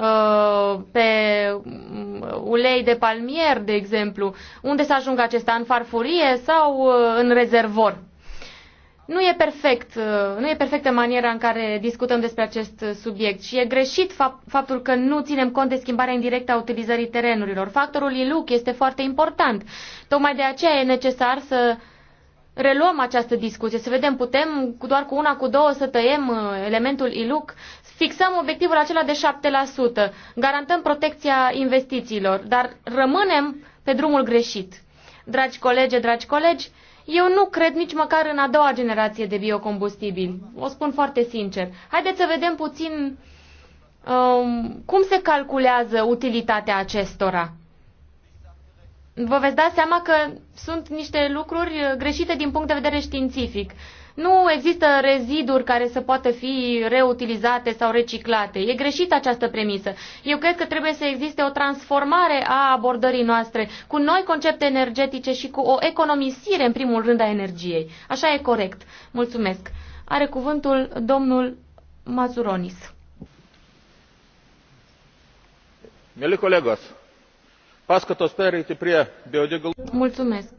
uh, pe um, ulei de palmier, de exemplu. Unde să ajungă acesta? În farfurie sau în rezervor? Nu e, perfect, uh, nu e perfectă maniera în care discutăm despre acest subiect și e greșit faptul că nu ținem cont de schimbarea indirectă a utilizării terenurilor. Factorul ILUC este foarte important. Tocmai de aceea e necesar să reluăm această discuție, să vedem, putem doar cu una, cu două să tăiem uh, elementul ILUC, fixăm obiectivul acela de 7%, garantăm protecția investițiilor, dar rămânem pe drumul greșit. Dragi colegi, dragi colegi, eu nu cred nici măcar în a doua generație de biocombustibili. O spun foarte sincer. Haideți să vedem puțin um, cum se calculează utilitatea acestora. Vă veți da seama că sunt niște lucruri greșite din punct de vedere științific. Uh, nu există reziduri care să poată fi reutilizate sau reciclate. E greșită această premisă. Eu cred că trebuie să existe o transformare a abordării noastre cu noi concepte energetice și cu o economisire, în primul rând, a energiei. Așa e corect. Mulțumesc. Are cuvântul domnul Mazuronis. Mulțumesc.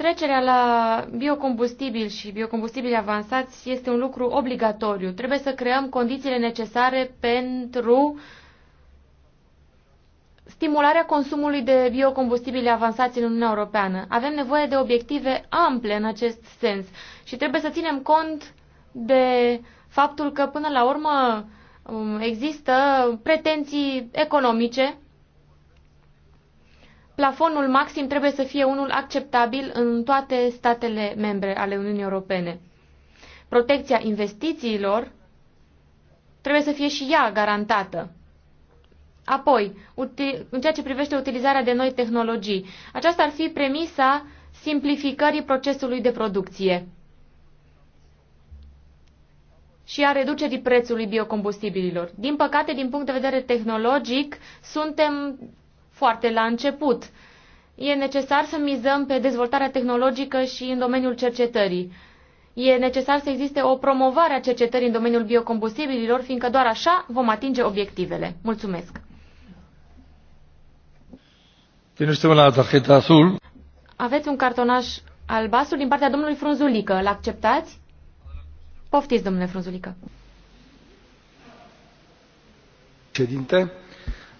Trecerea la biocombustibili și biocombustibili avansați este un lucru obligatoriu. Trebuie să creăm condițiile necesare pentru stimularea consumului de biocombustibili avansați în Uniunea Europeană. Avem nevoie de obiective ample în acest sens și trebuie să ținem cont de faptul că până la urmă um, există pretenții economice plafonul maxim trebuie să fie unul acceptabil în toate statele membre ale Uniunii Europene. Protecția investițiilor trebuie să fie și ea garantată. Apoi, în ceea ce privește utilizarea de noi tehnologii, aceasta ar fi premisa simplificării procesului de producție și a reducerii prețului biocombustibililor. Din păcate, din punct de vedere tehnologic, suntem foarte la început. E necesar să mizăm pe dezvoltarea tehnologică și în domeniul cercetării. E necesar să existe o promovare a cercetării în domeniul biocombustibililor, fiindcă doar așa vom atinge obiectivele. Mulțumesc! Aveți un cartonaș albastru din partea domnului Frunzulică. L-acceptați? Poftiți, domnule Frunzulică. Ședinte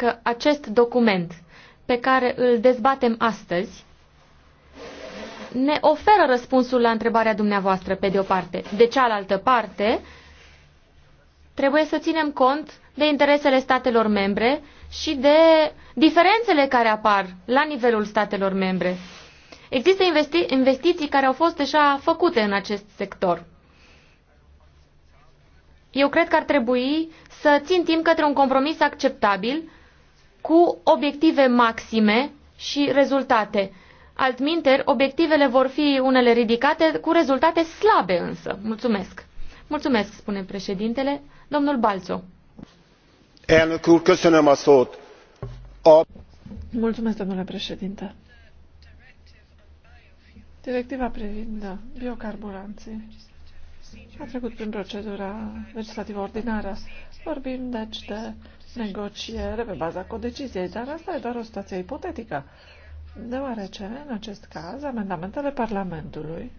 că acest document pe care îl dezbatem astăzi ne oferă răspunsul la întrebarea dumneavoastră, pe de o parte. De cealaltă parte, trebuie să ținem cont de interesele statelor membre și de diferențele care apar la nivelul statelor membre. Există investi- investiții care au fost deja făcute în acest sector. Eu cred că ar trebui să țin timp către un compromis acceptabil cu obiective maxime și rezultate. Altminteri, obiectivele vor fi unele ridicate, cu rezultate slabe însă. Mulțumesc. Mulțumesc, spune președintele. Domnul Balțo. Mulțumesc, domnule președinte. Directiva privind biocarburanții a trecut prin procedura legislativă ordinară. Vorbim, deci, de negociere pe baza codeciziei, dar asta e doar o situație ipotetică, deoarece, în acest caz, amendamentele Parlamentului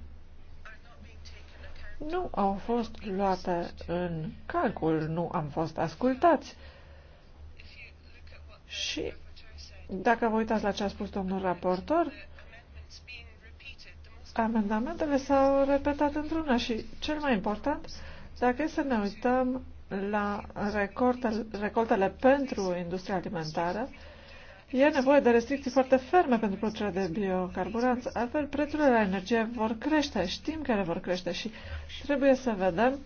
nu au fost luate în calcul, nu am fost ascultați. Și dacă vă uitați la ce a spus domnul raportor, amendamentele s-au repetat într-una și, cel mai important, dacă e să ne uităm la recoltele, recoltele pentru industria alimentară, e nevoie de restricții foarte ferme pentru producerea de biocarburanți, altfel prețurile la energie vor crește, știm că ele vor crește și trebuie să vedem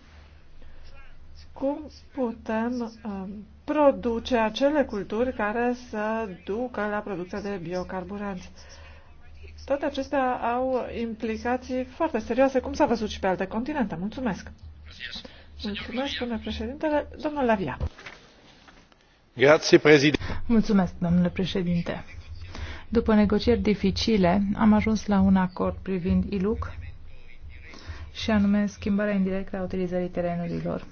cum putem um, produce acele culturi care să ducă la producția de biocarburanți. Toate acestea au implicații foarte serioase, cum s-a văzut și pe alte continente. Mulțumesc! Mulțumesc, domnule președinte, Domnul Lavia. Grazie, Mulțumesc, domnule președinte. După negocieri dificile, am ajuns la un acord privind ILUC și anume schimbarea indirectă a utilizării terenurilor,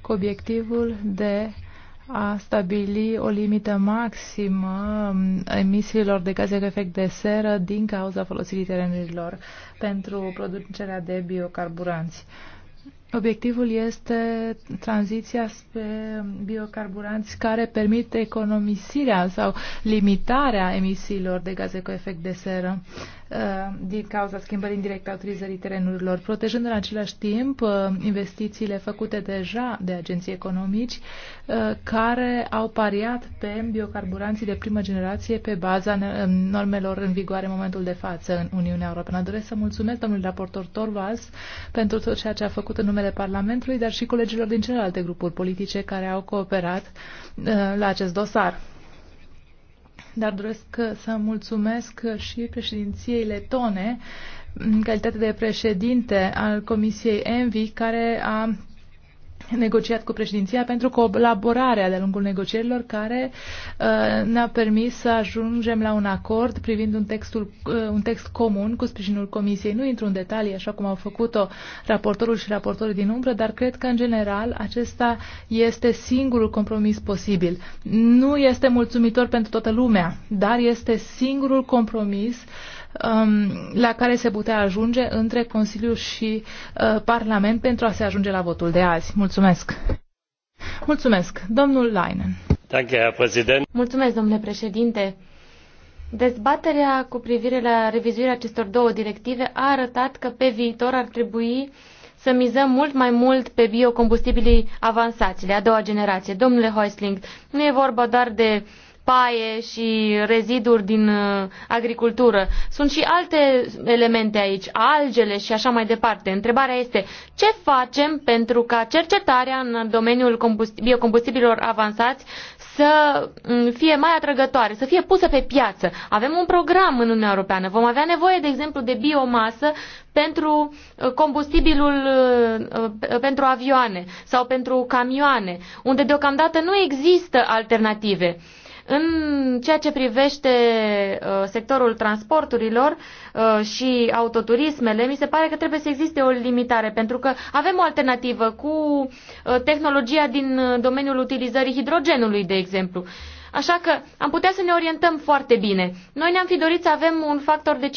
cu obiectivul de a stabili o limită maximă emisiilor de gaze cu efect de seră din cauza folosirii terenurilor pentru producerea de biocarburanți. Uh, Obiectivul este tranziția spre biocarburanți care permit economisirea sau limitarea emisiilor de gaze cu efect de seră. Uh, din cauza schimbării indirecte a utilizării terenurilor, protejând în același timp uh, investițiile făcute deja de agenții economici uh, care au pariat pe biocarburanții de primă generație pe baza normelor în vigoare în momentul de față în Uniunea Europeană. Doresc să mulțumesc domnului raportor Torvas pentru tot ceea ce a făcut în numele Parlamentului, dar și colegilor din celelalte grupuri politice care au cooperat la acest dosar dar doresc să mulțumesc și președinției letone în calitate de președinte al Comisiei Envi, care a negociat cu președinția pentru colaborarea de-a lungul negocierilor care uh, ne-a permis să ajungem la un acord privind un, textul, uh, un text comun cu sprijinul Comisiei. Nu intru în detalii așa cum au făcut-o raportorul și raportorii din umbră, dar cred că în general acesta este singurul compromis posibil. Nu este mulțumitor pentru toată lumea, dar este singurul compromis uh, Um, la care se putea ajunge între Consiliu și uh, Parlament pentru a se ajunge la votul de azi. Mulțumesc! Mulțumesc, domnul Leinen. Mulțumesc, domnule președinte. Dezbaterea cu privire la revizuirea acestor două directive a arătat că pe viitor ar trebui să mizăm mult mai mult pe biocombustibilii avansați, de a doua generație. Domnule Heusling, nu e vorba doar de uh, paie și reziduri din uh, agricultură. Sunt și alte elemente aici, algele și așa mai departe. Întrebarea este ce facem pentru ca cercetarea în domeniul biocombustibilor avansați să mm, fie mai atrăgătoare, să fie pusă pe piață. Avem un program în Uniunea Europeană. Vom avea nevoie, de exemplu, de biomasă pentru uh, combustibilul uh, pentru avioane sau pentru camioane, unde deocamdată nu există alternative. În ceea ce privește uh, sectorul transporturilor uh, și autoturismele, mi se pare că trebuie să existe o limitare, pentru că avem o alternativă cu uh, tehnologia din domeniul utilizării hidrogenului, de exemplu. Așa că am putea să ne orientăm foarte bine. Noi ne-am fi dorit să avem un factor de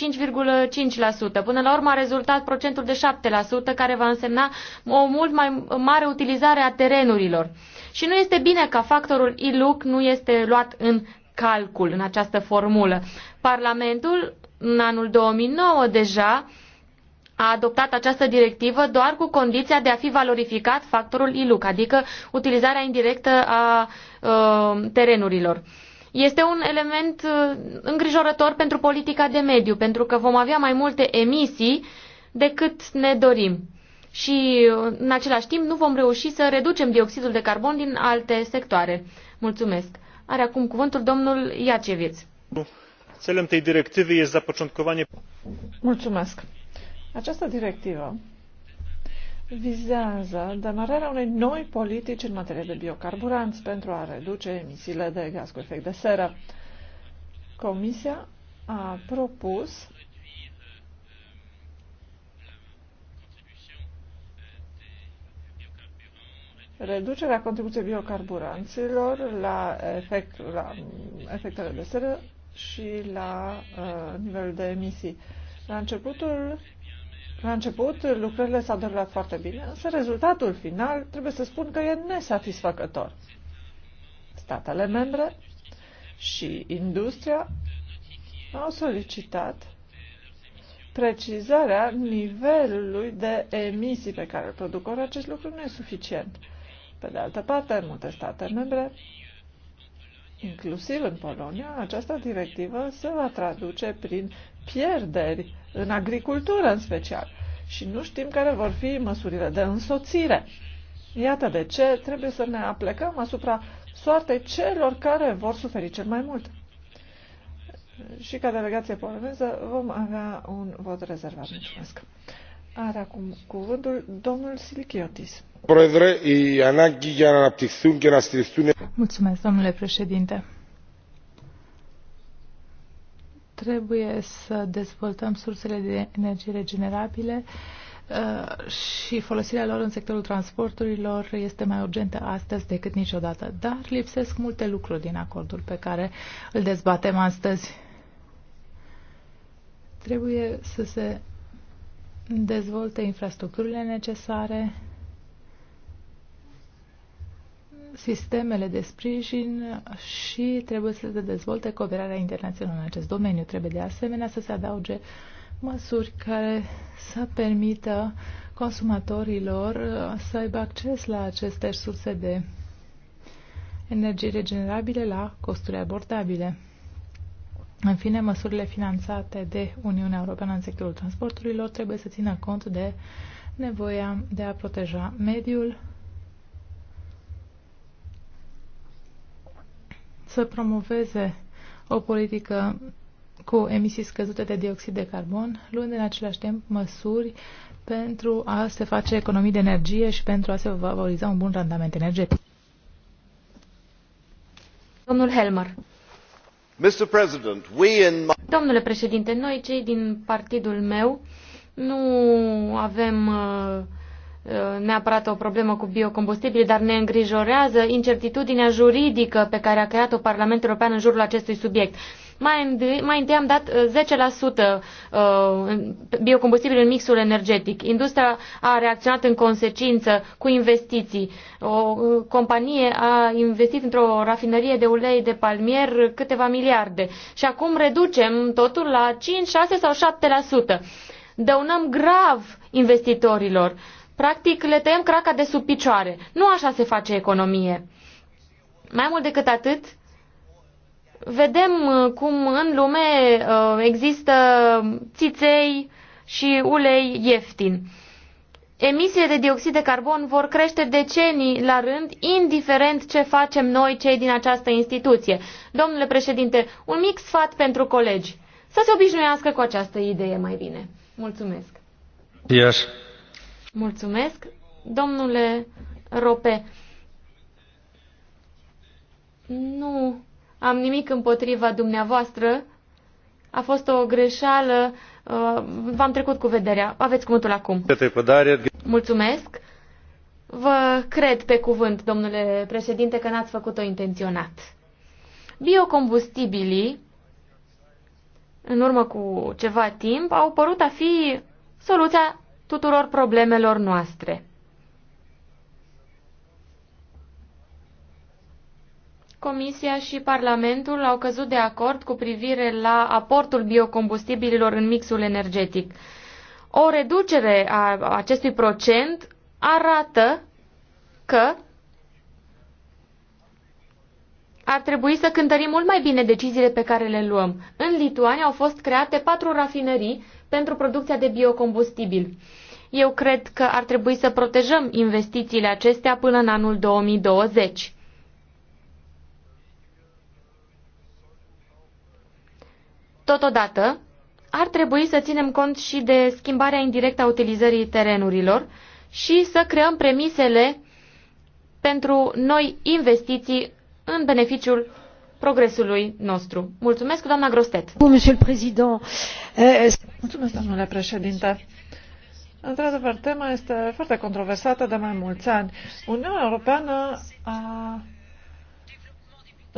5,5%. Până la urmă a rezultat procentul de 7%, care va însemna o mult mai mare utilizare a terenurilor. Și nu este bine ca factorul ILUC nu este luat în calcul în această formulă. Parlamentul, în anul 2009 deja, a adoptat această directivă doar cu condiția de a fi valorificat factorul ILUC, adică utilizarea indirectă a uh, terenurilor. Este un element uh, îngrijorător pentru politica de mediu, pentru că vom avea mai multe emisii decât ne dorim și în același timp nu vom reuși să reducem dioxidul de carbon din alte sectoare. Mulțumesc. Are acum cuvântul domnul Iaceviț. Celem tej directive este zapoczątkowanie... Mulțumesc. Această directivă vizează demararea unei noi politici în materie de biocarburanți pentru a reduce emisiile de gaz cu efect de seră. Comisia a propus reducerea contribuției biocarburanților la, efect, la efectele de seră și la uh, nivelul de emisii. La începutul la început lucrările s-au derulat foarte bine, însă rezultatul final trebuie să spun că e nesatisfăcător. Statele membre și industria au solicitat precizarea nivelului de emisii pe care îl produc. Ori acest lucru nu e suficient. Pe de altă parte, în multe state membre, inclusiv în Polonia, această directivă se va traduce prin pierderi în agricultură în special și nu știm care vor fi măsurile de însoțire. Iată de ce trebuie să ne aplecăm asupra soartei celor care vor suferi cel mai mult. Și ca delegație poloneză vom avea un vot rezervat. Mulțumesc! Are acum cuvântul domnul Silichiotis. Mulțumesc, domnule președinte. Trebuie să dezvoltăm sursele de energie regenerabile uh, și folosirea lor în sectorul transporturilor este mai urgentă astăzi decât niciodată. Dar lipsesc multe lucruri din acordul pe care îl dezbatem astăzi. Trebuie să se dezvolte infrastructurile necesare, sistemele de sprijin și trebuie să se dezvolte cooperarea internațională în acest domeniu. Trebuie de asemenea să se adauge măsuri care să permită consumatorilor să aibă acces la aceste surse de energie regenerabile la costuri abordabile. În fine, măsurile finanțate de Uniunea Europeană în sectorul transporturilor trebuie să țină cont de nevoia de a proteja mediul, să promoveze o politică cu emisii scăzute de dioxid de carbon, luând în același timp măsuri pentru a se face economii de energie și pentru a se valoriza un bun randament energetic. Domnul Helmer. Domnule președinte, noi cei din partidul meu nu avem uh, uh, neapărat o problemă cu biocombustibili, dar ne îngrijorează incertitudinea juridică pe care a creat-o Parlamentul European în jurul acestui subiect. Mai întâi, mai întâi am dat 10% uh, uh, biocombustibil în mixul energetic. Industria a reacționat în consecință cu investiții. O uh, companie a investit într-o rafinerie de ulei de palmier câteva miliarde și acum reducem totul la 5, 6 sau 7%. Dăunăm grav investitorilor. Practic le tăiem craca de sub picioare. Nu așa se face economie. Mai mult decât atât, vedem uh, cum în lume uh, există țiței și ulei ieftin. Emisiile de dioxid de carbon vor crește decenii la rând, indiferent ce facem noi, cei din această instituție. Domnule președinte, un mic sfat pentru colegi. Să se obișnuiască cu această idee mai bine. Mulțumesc. Yes. Mulțumesc. Domnule Rope, nu am nimic împotriva dumneavoastră. A fost o greșeală, uh, v-am trecut cu vederea. Aveți cuvântul acum. Mulțumesc. Vă cred pe cuvânt, domnule președinte, că n-ați făcut-o intenționat. Biocombustibilii, în urmă cu ceva timp, au părut a fi soluția tuturor problemelor noastre. Comisia și Parlamentul au căzut de acord cu privire la aportul biocombustibililor în mixul energetic. O reducere a acestui procent arată că ar trebui să cântărim mult mai bine deciziile pe care le luăm. În Lituania au fost create patru rafinării pentru producția de biocombustibil. Eu cred că ar trebui să protejăm investițiile acestea până în anul 2020. Totodată, ar trebui să ținem cont și de schimbarea indirectă a utilizării terenurilor și să creăm premisele pentru noi investiții în beneficiul progresului nostru. Mulțumesc, doamna Grostet. Euh, Mulțumesc, domnule președinte. Într-adevăr, tema este foarte controversată de mai mulți ani. Uniunea Europeană a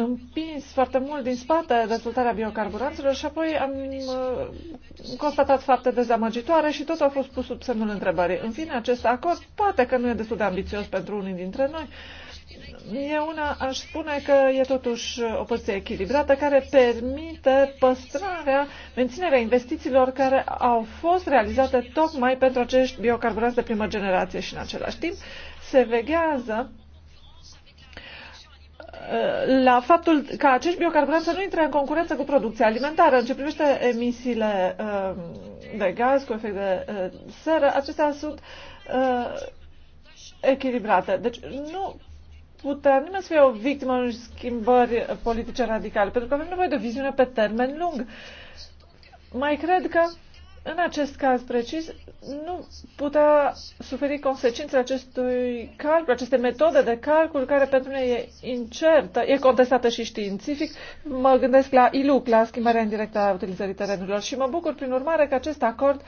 împins foarte mult din spate dezvoltarea biocarburanților și apoi am uh, constatat fapte dezamăgitoare și tot a fost pus sub semnul întrebării. În fine, acest acord poate că nu e destul de ambițios pentru unii dintre noi. E una aș spune că e totuși o poziție echilibrată care permite păstrarea, menținerea investițiilor care au fost realizate tocmai pentru acești biocarburanți de primă generație și în același timp se veghează Uh, la faptul că acești biocarburanți să nu intre în concurență cu producția alimentară. În ce privește emisiile uh, de gaz cu efect de uh, seră, acestea sunt echilibrate. Deci nu putem nimeni să fie o victimă unui schimbări politice radicale, pentru că avem nevoie de o viziune pe termen lung. Mai cred că în acest caz precis, nu putea suferi consecințele acestui calcul, aceste metode de calcul, care pentru noi e incertă, e contestată și științific. Mă gândesc la ILUC, la schimbarea indirectă a utilizării terenurilor și mă bucur, prin urmare, că acest acord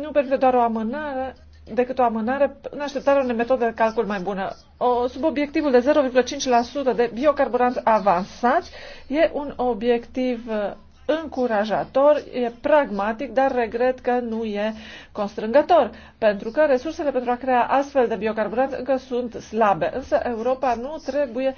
nu permite doar o amânare, decât o amânare în așteptarea unei metode de calcul mai bună. O, sub obiectivul de 0,5% de biocarburanți avansați e un obiectiv încurajator, e pragmatic, dar regret că nu e constrângător, pentru că resursele pentru a crea astfel de biocarburanți încă sunt slabe. Însă Europa nu trebuie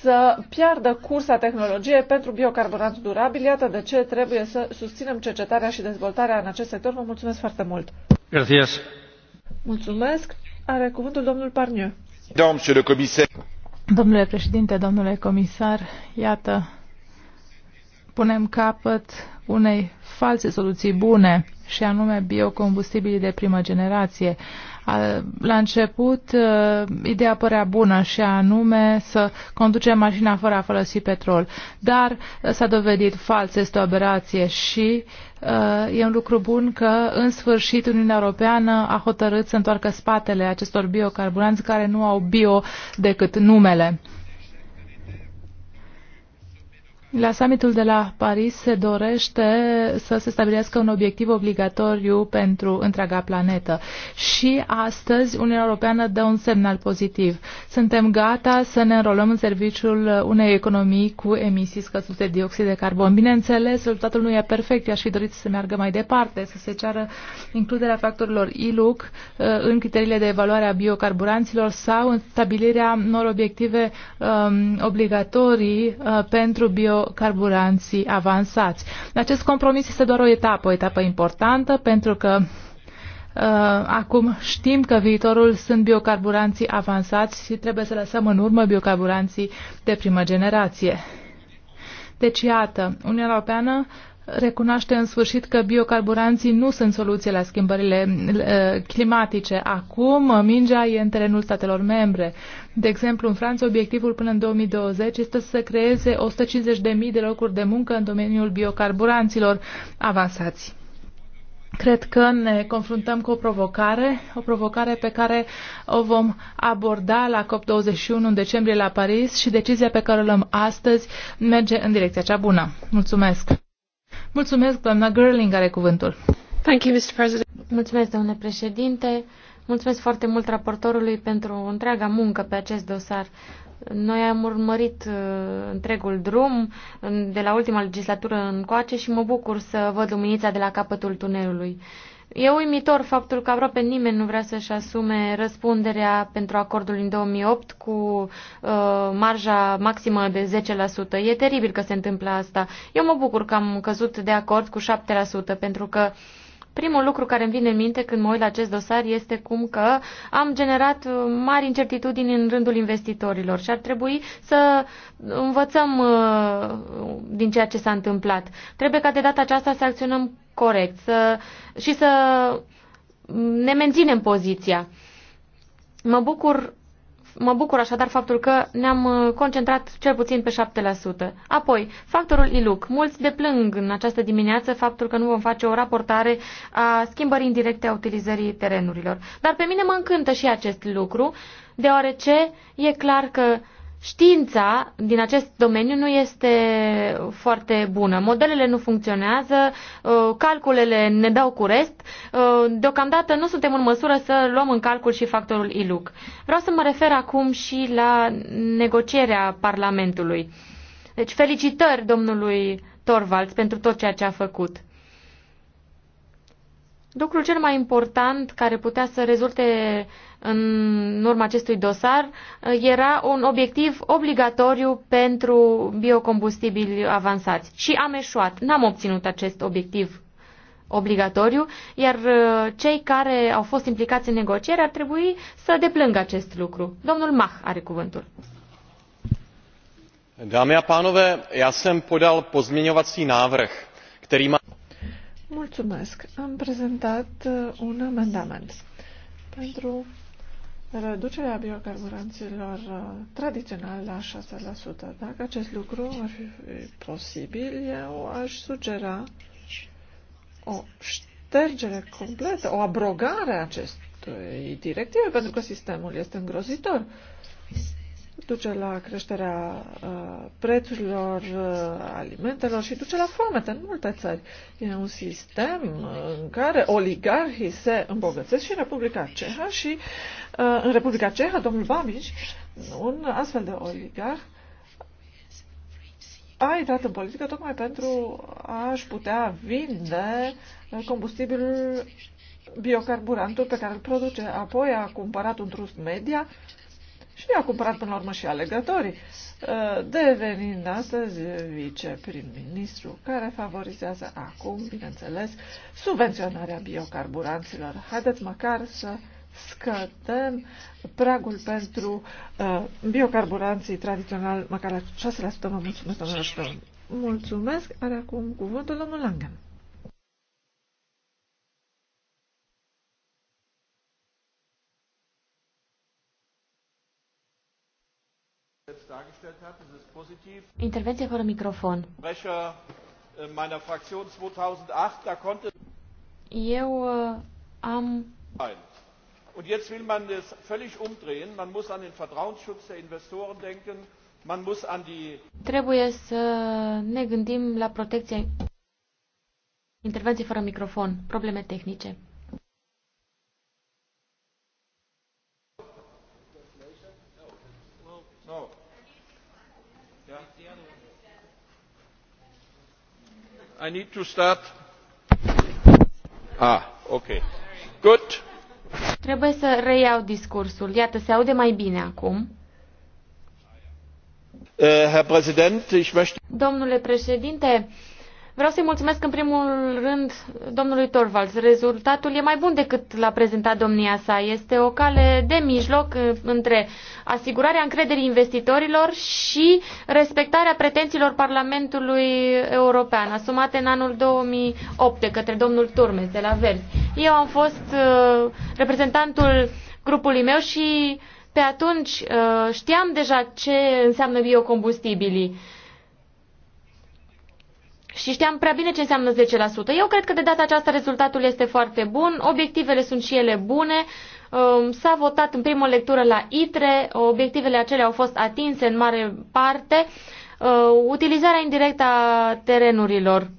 să piardă cursa tehnologiei pentru biocarburanți durabil. Iată de ce trebuie să susținem cercetarea și dezvoltarea în acest sector. Vă mulțumesc foarte mult! Gracias. Mulțumesc! Are cuvântul domnul Parniu. Domnule președinte, domnule comisar, iată, punem capăt unei false soluții bune, și anume biocombustibilii de primă generație. La început, ideea părea bună și anume să conducem mașina fără a folosi petrol, dar s-a dovedit fals, este o aberație și e un lucru bun că în sfârșit Uniunea Europeană a hotărât să întoarcă spatele acestor biocarburanți care nu au bio decât numele. La summitul de la Paris se dorește să se stabilească un obiectiv obligatoriu pentru întreaga planetă. Și astăzi Uniunea Europeană dă un semnal pozitiv. Suntem gata să ne înrolăm în serviciul unei economii cu emisii scăzute de dioxid de carbon. Bineînțeles, rezultatul nu e perfect. I-aș fi dorit să se meargă mai departe, să se ceară includerea factorilor ILUC uh, în criteriile de evaluare a biocarburanților sau în stabilirea unor obiective um, obligatorii uh, pentru bio biocarburanții avansați. Acest compromis este doar o etapă, o etapă importantă, pentru că uh, acum știm că viitorul sunt biocarburanții avansați și trebuie să lăsăm în urmă biocarburanții de primă generație. Deci, iată, Uniunea Europeană recunoaște în sfârșit că biocarburanții nu sunt soluție la schimbările uh, climatice. Acum mingea e în terenul statelor membre. De exemplu, în Franța, obiectivul până în 2020 este să creeze 150.000 de locuri de muncă în domeniul biocarburanților avansați. Cred că ne confruntăm cu o provocare, o provocare pe care o vom aborda la COP21 în decembrie la Paris și decizia pe care o luăm astăzi merge în direcția cea bună. Mulțumesc! Mulțumesc, doamna Gerling are cuvântul. Thank you, Mr. President. Mulțumesc, domnule președinte. Mulțumesc foarte mult raportorului pentru întreaga muncă pe acest dosar. Noi am urmărit uh, întregul drum de la ultima legislatură încoace și mă bucur să văd luminița de la capătul tunelului. E uimitor faptul că aproape nimeni nu vrea să-și asume răspunderea pentru acordul din 2008 cu uh, marja maximă de 10%. E teribil că se întâmplă asta. Eu mă bucur că am căzut de acord cu 7% pentru că uh, Primul lucru care îmi vine în minte când mă uit la acest dosar este cum că am generat uh, mari incertitudini în rândul investitorilor și ar trebui să învățăm uh, din ceea ce s-a întâmplat. Trebuie ca de data aceasta să acționăm corect să, și să ne menținem poziția. Mă bucur Mă bucur așadar faptul că ne-am uh, concentrat cel puțin pe 7%. Apoi, factorul ILUC. Mulți deplâng în această dimineață faptul că nu vom face o raportare a schimbării indirecte a utilizării terenurilor. Dar pe mine mă încântă și acest lucru, deoarece e clar că știința din acest domeniu nu este foarte bună. Modelele nu funcționează, ă, calculele ne dau cu rest. Ă, deocamdată nu suntem în măsură să luăm în calcul și factorul ILUC. Vreau să mă refer acum și la negocierea Parlamentului. Deci felicitări domnului Torvalds pentru tot ceea ce a făcut. Lucrul cel mai important care putea să rezulte în urma acestui dosar uh, era un obiectiv obligatoriu pentru biocombustibili avansați. Și am eșuat. N-am obținut acest obiectiv obligatoriu, iar uh, cei care au fost implicați în negocieri ar trebui să deplângă acest lucru. Domnul Mach are cuvântul. Dame a pánové, já jsem podal pozměňovací návrh, který má... Mulțumesc. Am prezentat uh, un amendament pentru reducerea biocarburanților uh, tradițional la 6%. Dacă acest lucru ar fi posibil, eu aș sugera o ștergere completă, o abrogare a acestui directive, pentru că sistemul este îngrozitor duce la creșterea uh, prețurilor uh, alimentelor și duce la foamete în multe țări. E un sistem uh, în care oligarhii se îmbogățesc și în Republica Ceha și uh, în Republica Ceha, domnul Babiș, un astfel de oligarh, a intrat în politică tocmai pentru a-și putea vinde combustibilul biocarburantul pe care îl produce. Apoi a cumpărat un trust media și i-a cumpărat până la urmă și alegătorii, uh, devenind astăzi viceprim-ministru, care favorizează acum, bineînțeles, subvenționarea biocarburanților. Haideți măcar să scădem pragul pentru uh, biocarburanții tradițional, măcar la 6%. Vă mulțumesc, domnule Mulțumesc. Are acum cuvântul domnul Langen. Intervenție fără microfon. Äh, da Eu äh, am Und jetzt will man das völlig umdrehen. Man muss an den Vertrauensschutz der Investoren denken. Man muss an die Trebuie să ne gândim la protecția Intervenție fără microfon, probleme tehnice. I need to start. Ah, ok. Good. Trebuie să reiau discursul. Iată, se aude mai bine acum. Uh, Herr Präsident, ich möchte... Domnule președinte, Vreau să-i mulțumesc în primul rând domnului Torvalds. Rezultatul e mai bun decât l-a prezentat domnia sa. Este o cale de mijloc uh, între asigurarea încrederii investitorilor și respectarea pretențiilor Parlamentului European, asumate în anul 2008 de către domnul Turmes de la Verzi. Eu am fost uh, reprezentantul grupului meu și pe atunci uh, știam deja ce înseamnă biocombustibilii și știam prea bine ce înseamnă 10%. Eu cred că de data aceasta rezultatul este foarte bun, obiectivele sunt și ele bune, um, S-a votat în primă lectură la ITRE, obiectivele acelea au fost atinse în mare parte. Uh, utilizarea indirectă a terenurilor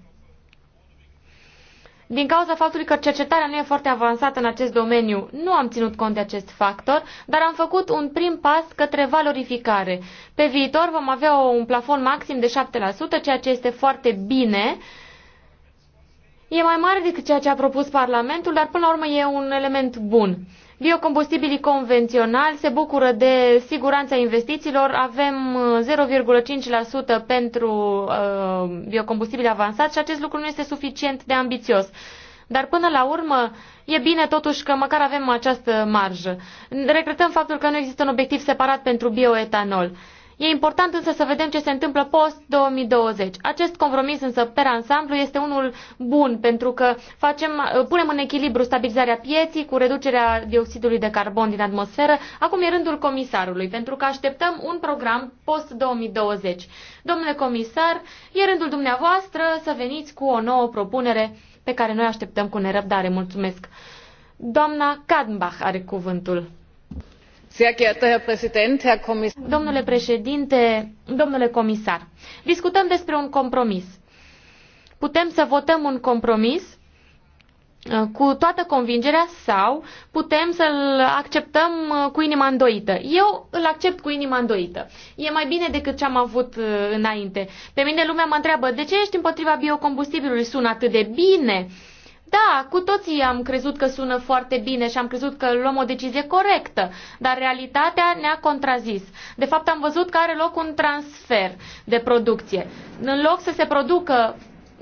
din cauza faptului că cercetarea nu e foarte avansată în acest domeniu, nu am ținut cont de acest factor, dar am făcut un prim pas către valorificare. Pe viitor vom avea un plafon maxim de 7%, ceea ce este foarte bine. E mai mare decât ceea ce a propus Parlamentul, dar până la urmă e un element bun. Biocombustibilii convenționali se bucură de siguranța investițiilor. Avem 0,5% uh, pentru uh, biocombustibili avansați și acest lucru nu este suficient de ambițios. Dar până la urmă e bine totuși că măcar avem această marjă. Regretăm faptul că nu există un obiectiv separat pentru bioetanol. E important însă să vedem ce se întâmplă post-2020. Acest compromis însă, per ansamblu, este unul bun pentru că facem, uh, punem în echilibru stabilizarea pieții cu reducerea dioxidului de carbon din atmosferă. Acum e rândul comisarului, pentru că așteptăm un program post-2020. Domnule comisar, e rândul dumneavoastră să veniți cu o nouă propunere pe care noi așteptăm cu nerăbdare. Mulțumesc! Doamna Kadenbach are cuvântul. Domnule președinte, domnule comisar, discutăm despre un compromis. Putem să votăm un compromis uh, cu toată convingerea sau putem să îl acceptăm uh, cu inima îndoită. Eu îl accept cu inima îndoită. E mai bine decât ce am avut uh, înainte. Pe mine lumea mă întreabă de ce ești împotriva biocombustibilului, sună atât de bine. Uh, da, cu toții am crezut că sună foarte bine și am crezut că luăm o decizie corectă, dar realitatea ne-a contrazis. De fapt, am văzut că are loc un transfer de producție. În loc să se producă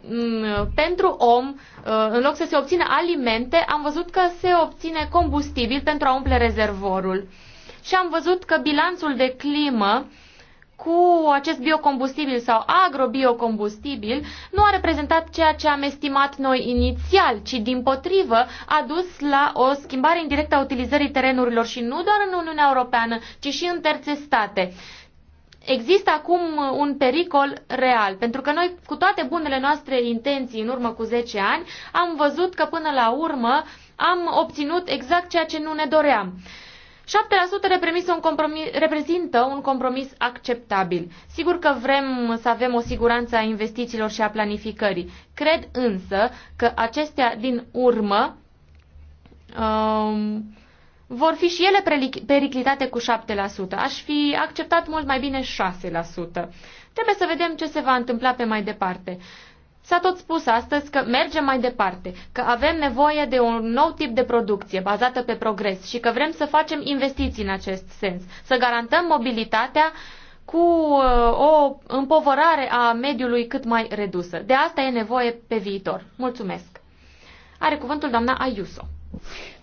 mm, pentru om, uh, în loc să se obțină alimente, am văzut că se obține combustibil pentru a umple rezervorul. Și am văzut că bilanțul de climă uh, cu acest biocombustibil sau agrobiocombustibil nu a reprezentat ceea ce am estimat noi inițial, ci din potrivă a dus la o schimbare indirectă a utilizării terenurilor și nu doar în Uniunea Europeană, ci și în terțe state. Există acum un pericol real, pentru că noi, cu toate bunele noastre intenții în urmă cu 10 ani, am văzut că până la urmă am obținut exact ceea ce nu ne doream. 7% un compromis, reprezintă un compromis acceptabil. Sigur că vrem să avem o siguranță a investițiilor și a planificării. Cred însă că acestea din urmă um, vor fi și ele periclitate cu 7%. Aș fi acceptat mult mai bine 6%. Trebuie să vedem ce se va întâmpla pe mai departe. S-a tot spus astăzi că mergem mai departe, că avem nevoie de un nou tip de producție bazată pe progres și că vrem să facem investiții în acest sens, să garantăm mobilitatea cu uh, o împovărare a mediului cât mai redusă. De asta e nevoie pe viitor. Mulțumesc. Are cuvântul doamna Ayuso.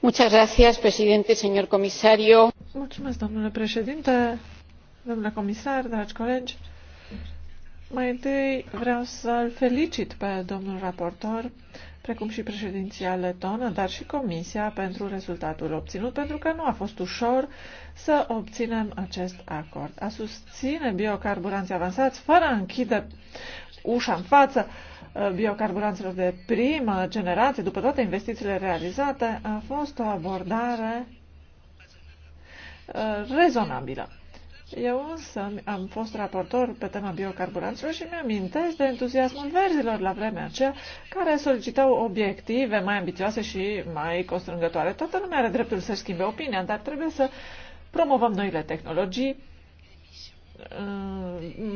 Muchas gracias, presidente, señor comisario. Mulțumesc, domnule președinte, domnule comisar, dragi colegi. Mai întâi vreau să-l felicit pe domnul raportor, precum și președinția letonă, dar și comisia pentru rezultatul obținut, pentru că nu a fost ușor să obținem acest acord. A susține biocarburanți avansați fără a închide ușa în față uh, biocarburanților de primă generație, după toate investițiile realizate, a fost o abordare uh, rezonabilă. Eu însă am fost raportor pe tema biocarburanților și mi-amintesc de entuziasmul verzilor la vremea aceea, care solicitau obiective mai ambițioase și mai constrângătoare. Toată lumea are dreptul să-și schimbe opinia, dar trebuie să promovăm noile tehnologii, în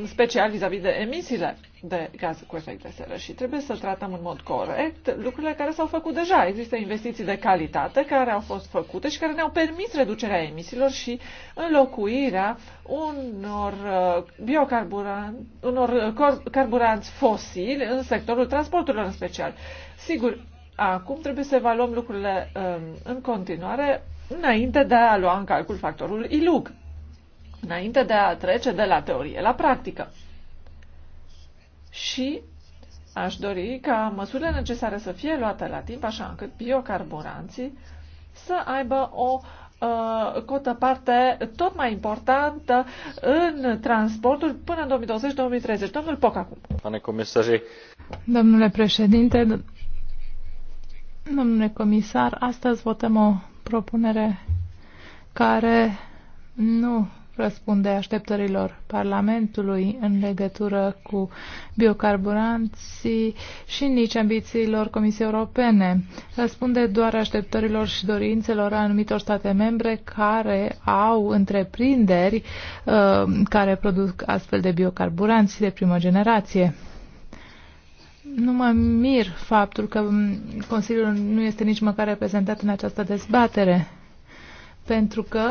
uh, special vis-a-vis -vis de emisiile de gaze cu efect de seră și trebuie să tratăm în mod corect lucrurile care s-au făcut deja. Există investiții de calitate care au fost făcute și care ne-au permis reducerea emisiilor și înlocuirea unor uh, biocarburanți, unor uh, carburanți fosili în sectorul transporturilor în special. Sigur, acum trebuie să evaluăm lucrurile um, în continuare înainte de a lua în calcul factorul ILUG înainte de a trece de la teorie la practică. Și aș dori ca măsurile necesare să fie luate la timp, așa încât biocarburanții să aibă o uh, cotă parte tot mai importantă în transportul până în 2020-2030. Domnul Poc acum. Pane comisari. Domnule președinte, domnule comisar, astăzi votăm o propunere care nu răspunde așteptărilor Parlamentului în legătură cu biocarburanții și nici ambițiilor Comisiei Europene. Răspunde doar așteptărilor și dorințelor a anumitor state membre care au întreprinderi uh, care produc astfel de biocarburanți de primă generație. Nu mă mir faptul că Consiliul nu este nici măcar reprezentat în această dezbatere, pentru că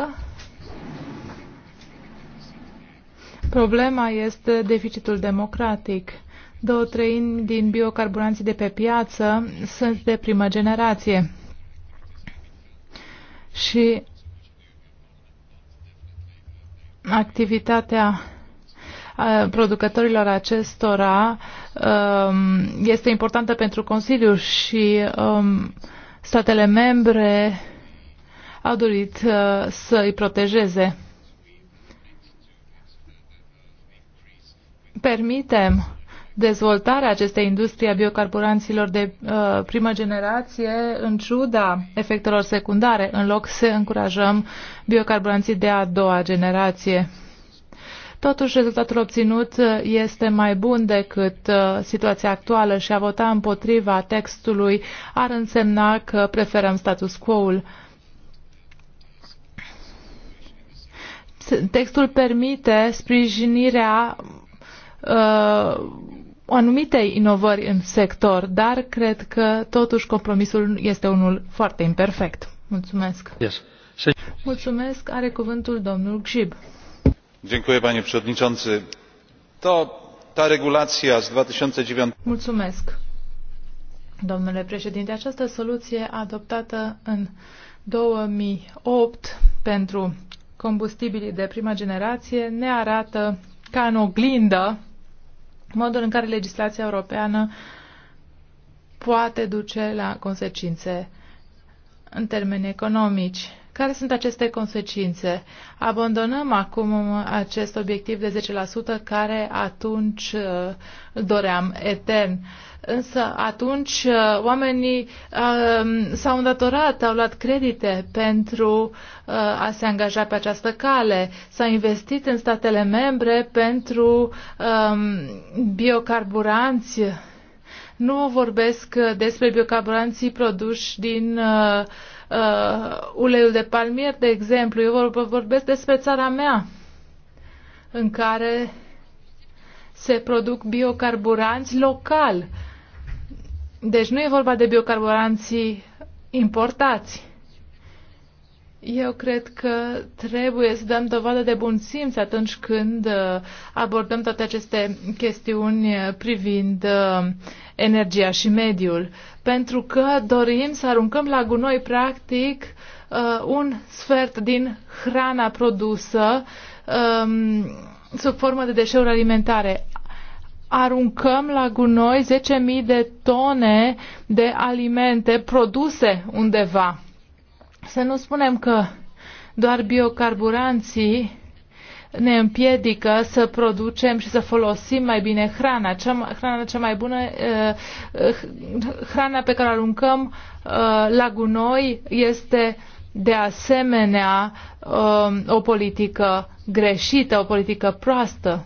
Problema este deficitul democratic. Două treimi din biocarburanții de pe piață sunt de primă generație. Și activitatea producătorilor acestora um, este importantă pentru Consiliu și um, statele membre au dorit uh, să îi protejeze. permitem dezvoltarea acestei industrie a biocarburanților de uh, primă generație în ciuda efectelor secundare, în loc să încurajăm biocarburanții de a doua generație. Totuși, rezultatul obținut uh, este mai bun decât uh, situația actuală și a vota împotriva textului ar însemna că preferăm status quo-ul. Textul permite sprijinirea uh, anumite inovări în sector, dar cred că totuși compromisul este unul foarte imperfect. Mulțumesc. Yes. Mulțumesc. Are cuvântul domnul Gzib. Dziękuję panie przewodniczący. To ta regulacja z 2009 Mulțumesc. Domnule președinte, această soluție adoptată în 2008 pentru combustibilii de prima generație ne arată ca în oglindă modul în care legislația europeană poate duce la consecințe în termeni economici. Care sunt aceste consecințe? Abandonăm acum acest obiectiv de 10% care atunci uh, doream etern. Însă atunci uh, oamenii uh, s-au îndatorat, au luat credite pentru a se angaja pe această cale, s-au investit în statele membre pentru um, biocarburanți. Nu vorbesc despre biocarburanții produși din uh, uh, uleiul de palmier, de exemplu. Eu vorbesc despre țara mea, în care se produc biocarburanți local. Deci nu e vorba de biocarburanții importați. Eu cred că trebuie să dăm dovadă de bun simț atunci când uh, abordăm toate aceste chestiuni uh, privind uh, energia și mediul, pentru că dorim să aruncăm la gunoi practic un sfert din hrana produsă um, sub formă de deșeuri alimentare aruncăm la gunoi 10.000 de tone de alimente produse undeva. Să nu spunem că doar biocarburanții ne împiedică să producem și să folosim mai bine hrana, cea, hrana cea mai bună, eh, eh, hrana pe care o aruncăm eh, la gunoi este de asemenea o politică greșită, o politică proastă.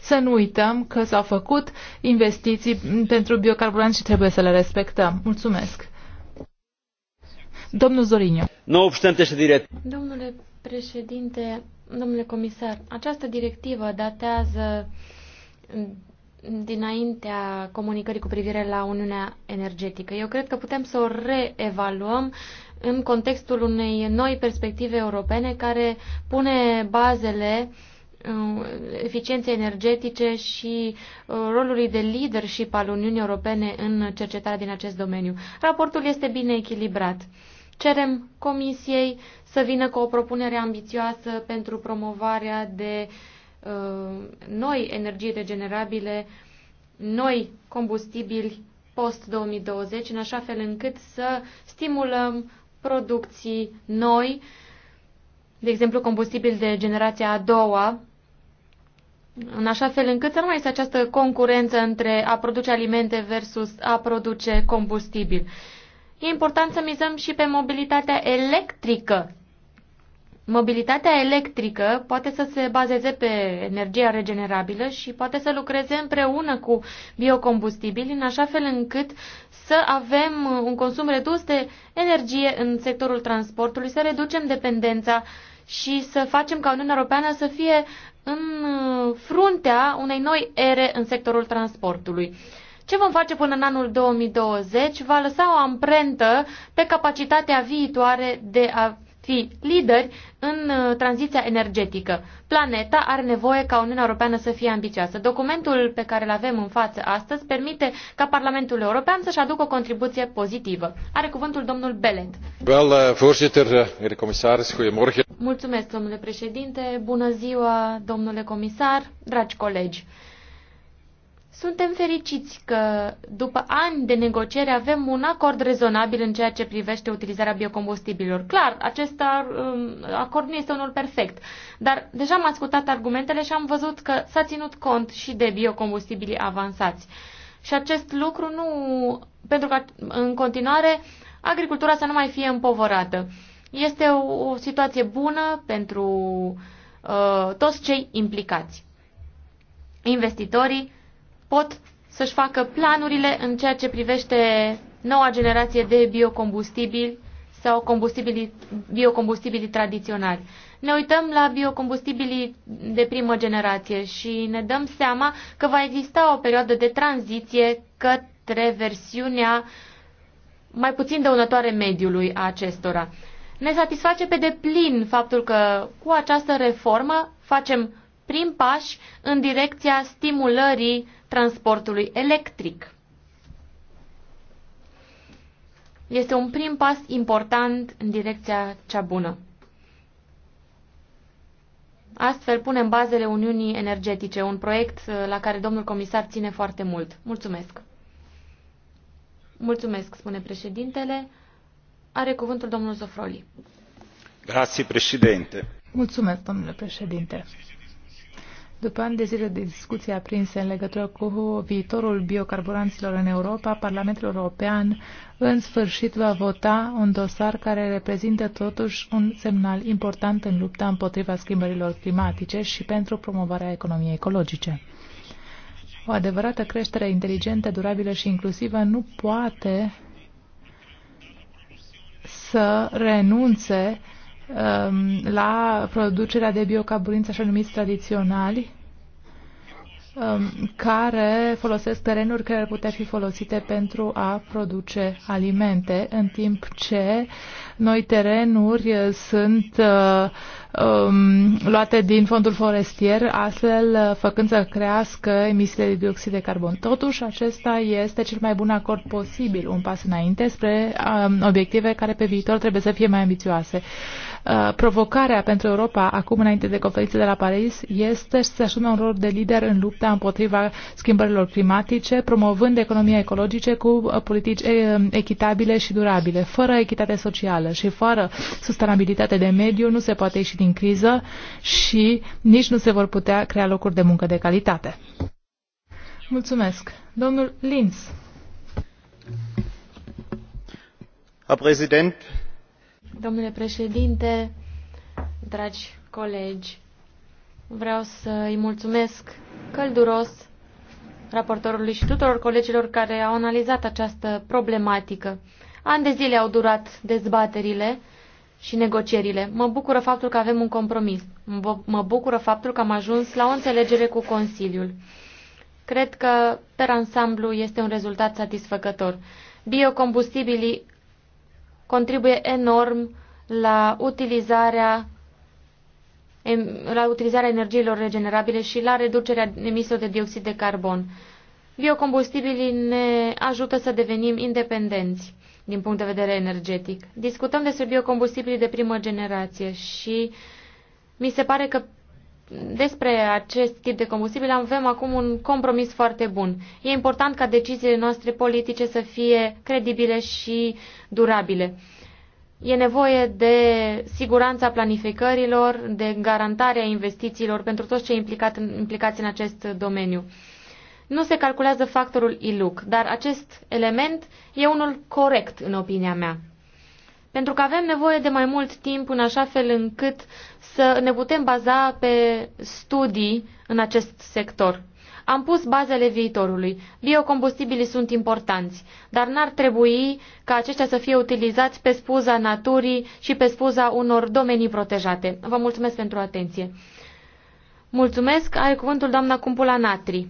Să nu uităm că s-au făcut investiții pentru biocarburanți și trebuie să le respectăm. Mulțumesc! Domnul Zorinio. Nu obstante și Domnule președinte, domnule comisar, această directivă datează dinaintea comunicării cu privire la Uniunea Energetică. Eu cred că putem să o reevaluăm în contextul unei noi perspective europene care pune bazele uh, eficienței energetice și uh, rolului de leadership al Uniunii Europene în cercetarea din acest domeniu. Raportul este bine echilibrat. Cerem Comisiei să vină cu o propunere ambițioasă pentru promovarea de uh, noi energii regenerabile, noi combustibili post-2020, în așa fel încât să stimulăm producții noi, de exemplu combustibil de generația a doua, în așa fel încât să nu mai este această concurență între a produce alimente versus a produce combustibil e important să mizăm și pe mobilitatea electrică. Mobilitatea electrică poate să se bazeze pe energia regenerabilă și poate să lucreze împreună cu biocombustibili în așa fel încât să avem un consum redus de energie în sectorul transportului, să reducem dependența și să facem ca Uniunea Europeană să fie în fruntea unei noi ere în sectorul transportului. Ce vom face până în anul 2020 va lăsa o amprentă pe capacitatea viitoare de a fi lideri în uh, tranziția energetică. Planeta are nevoie ca Uniunea Europeană să fie ambițioasă. Documentul pe care îl avem în față astăzi permite ca Parlamentul European să-și aducă o contribuție pozitivă. Are cuvântul domnul Belend. Well, uh, Mulțumesc, domnule președinte. Bună ziua, domnule comisar, dragi colegi. Suntem fericiți că, după ani de negociere, avem un acord rezonabil în ceea ce privește utilizarea biocombustibililor. Clar, acest um, acord nu este unul perfect, dar deja am ascultat argumentele și am văzut că s-a ținut cont și de biocombustibili avansați. Și acest lucru nu. pentru că, în continuare, agricultura să nu mai fie împovărată. Este o, o situație bună pentru uh, toți cei implicați. Investitorii, pot să-și facă planurile în ceea ce privește noua generație de biocombustibili sau combustibili biocombustibili tradiționali. Ne uităm la biocombustibilii de primă generație și ne dăm seama că va exista o perioadă de tranziție către versiunea mai puțin dăunătoare mediului a acestora. Ne satisface pe deplin faptul că cu această reformă facem prin pași în direcția stimulării transportului electric. Este un prim pas important în direcția cea bună. Astfel punem bazele Uniunii Energetice, un proiect uh, la care domnul comisar ține foarte mult. Mulțumesc! Mulțumesc, spune președintele. Are cuvântul domnul Zofroli. Grazie, președinte. Mulțumesc, domnule președinte. După ani de zile de discuții aprinse în legătură cu viitorul biocarburanților în Europa, Parlamentul European în sfârșit va vota un dosar care reprezintă totuși un semnal important în lupta împotriva schimbărilor climatice și pentru promovarea economiei ecologice. O adevărată creștere inteligentă, durabilă și inclusivă nu poate să renunțe Um, la producerea de biocarburinți așa numiți tradiționali, um, care folosesc terenuri care ar putea fi folosite pentru a produce alimente, în timp ce noi terenuri sunt uh, um, luate din fondul forestier, astfel uh, făcând să crească emisiile de dioxid de carbon. Totuși, acesta este cel mai bun acord posibil, un pas înainte spre um, obiective care pe viitor trebuie să fie mai ambițioase. Uh, provocarea pentru Europa acum înainte de conferința de la Paris este să asume un rol de lider în lupta împotriva schimbărilor climatice, promovând economia ecologice cu uh, politici uh, echitabile și durabile. Fără echitate socială și fără sustenabilitate de mediu nu se poate ieși din criză și nici nu se vor putea crea locuri de muncă de calitate. Mulțumesc. Domnul Linz. Herr Präsident, Domnule președinte, dragi colegi, vreau să îi mulțumesc călduros raportorului și tuturor colegilor care au analizat această problematică. An de zile au durat dezbaterile și negocierile. Mă bucură faptul că avem un compromis. Mă bucură faptul că am ajuns la o înțelegere cu Consiliul. Cred că, per ansamblu, este un rezultat satisfăcător. Biocombustibilii contribuie enorm la utilizarea la utilizarea energiilor regenerabile și la reducerea emisiilor de dioxid de carbon. Biocombustibilii ne ajută să devenim independenți din punct de vedere energetic. Discutăm despre biocombustibilii de primă generație și mi se pare că despre acest tip de combustibil avem acum un compromis foarte bun. E important ca deciziile noastre politice să fie credibile și durabile. E nevoie de siguranța planificărilor, de garantarea investițiilor pentru toți cei implicat, implicați în acest domeniu. Nu se calculează factorul ILUC, dar acest element e unul corect în opinia mea. Pentru că avem nevoie de mai mult timp în așa fel încât să ne putem baza pe studii în acest sector. Am pus bazele viitorului. Biocombustibilii sunt importanți, dar n-ar trebui ca aceștia să fie utilizați pe spuza naturii și pe spuza unor domenii protejate. Vă mulțumesc pentru atenție. Mulțumesc. Are cuvântul doamna Cumpula Natri.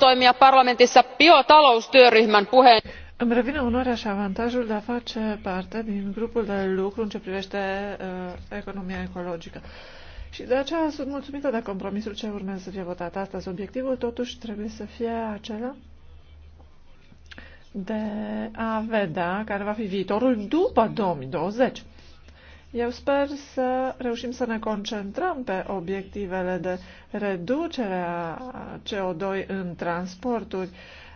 Toimia parlamentissa biotaloustyöryhmän puheen. Îmi revine onoarea și avantajul de a face parte din grupul de lucru în ce privește uh, economia ecologică. Și de aceea sunt mulțumită de compromisul ce urmează să fie votat astăzi. Obiectivul totuși trebuie să fie acela de a vedea care va fi viitorul după 2020. Eu sper să reușim să ne concentrăm pe obiectivele de reducere a CO2 în transporturi, uh,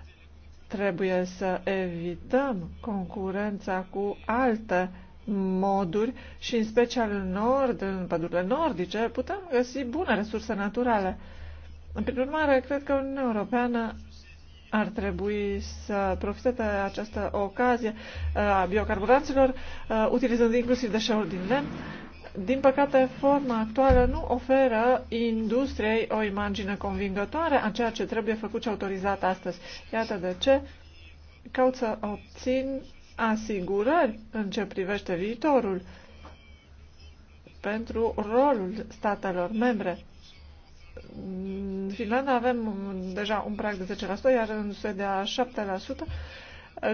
Trebuie să evităm concurența cu alte moduri și în special în nord, în pădurile nordice, putem găsi bune resurse naturale. Prin urmare, cred că Uniunea Europeană ar trebui să profite de această ocazie uh, a biocarburanților, uh, utilizând inclusiv deșeuri din lemn din păcate, forma actuală nu oferă industriei o imagine convingătoare a ceea ce trebuie făcut și autorizat astăzi. Iată de ce caut să obțin asigurări în ce privește viitorul pentru rolul statelor membre. În Finlanda avem deja un prag de 10%, iar în Suedia 7%.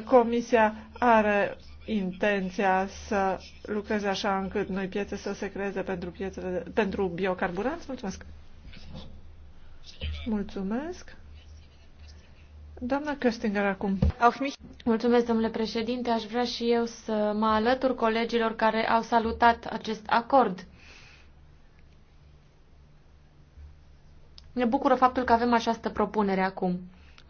Comisia are intenția să lucreze așa încât noi piețe să se creeze pentru, piețele, pentru biocarburanți? Mulțumesc! Mulțumesc! Doamna Köstinger acum. Mulțumesc, domnule președinte. Aș vrea și eu să mă alătur colegilor care au salutat acest acord. Ne bucură faptul că avem această propunere acum.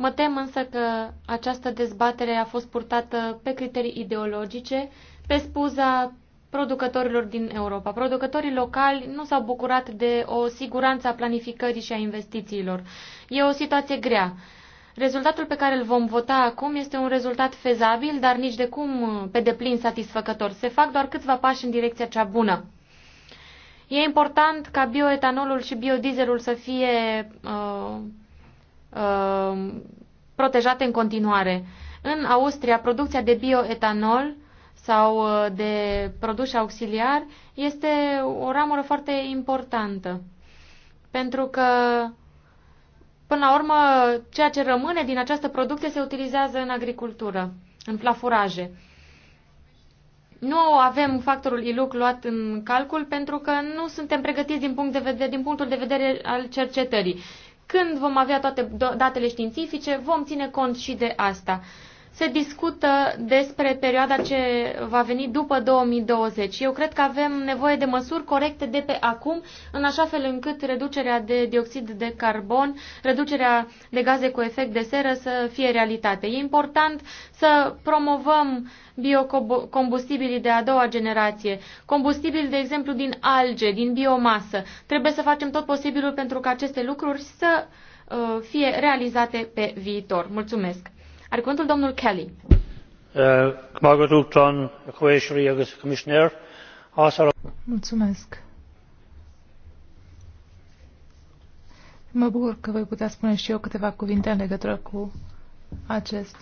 Mă tem însă că această dezbatere a fost purtată pe criterii ideologice, pe spuza producătorilor din Europa. Producătorii locali nu s-au bucurat de o siguranță a planificării și a investițiilor. E o situație grea. Rezultatul pe care îl vom vota acum este un rezultat fezabil, dar nici de cum pe deplin satisfăcător. Se fac doar câțiva pași în direcția cea bună. E important ca bioetanolul și biodieselul să fie uh, Uh, protejate în continuare. În Austria, producția de bioetanol sau uh, de produs auxiliar este o ramură foarte importantă. Pentru că, până la urmă, ceea ce rămâne din această producție se utilizează în agricultură, în plafuraje. Nu avem factorul ILUC luat în calcul pentru că nu suntem pregătiți din, punct de vedere, din punctul de vedere al cercetării. Când vom avea toate datele științifice, vom ține cont și de asta se discută despre perioada ce va veni după 2020. Eu cred că avem nevoie de măsuri corecte de pe acum, în așa fel încât reducerea de dioxid de carbon, reducerea de gaze cu efect de seră să fie realitate. E important să promovăm biocombustibilii de a doua generație, combustibili, de exemplu, din alge, din biomasă. Trebuie să facem tot posibilul pentru ca aceste lucruri să uh, fie realizate pe viitor. Mulțumesc! Are cuvântul domnul Kelly. Uh, Mulțumesc. Mă bucur că voi putea spune și eu câteva cuvinte în legătură cu acest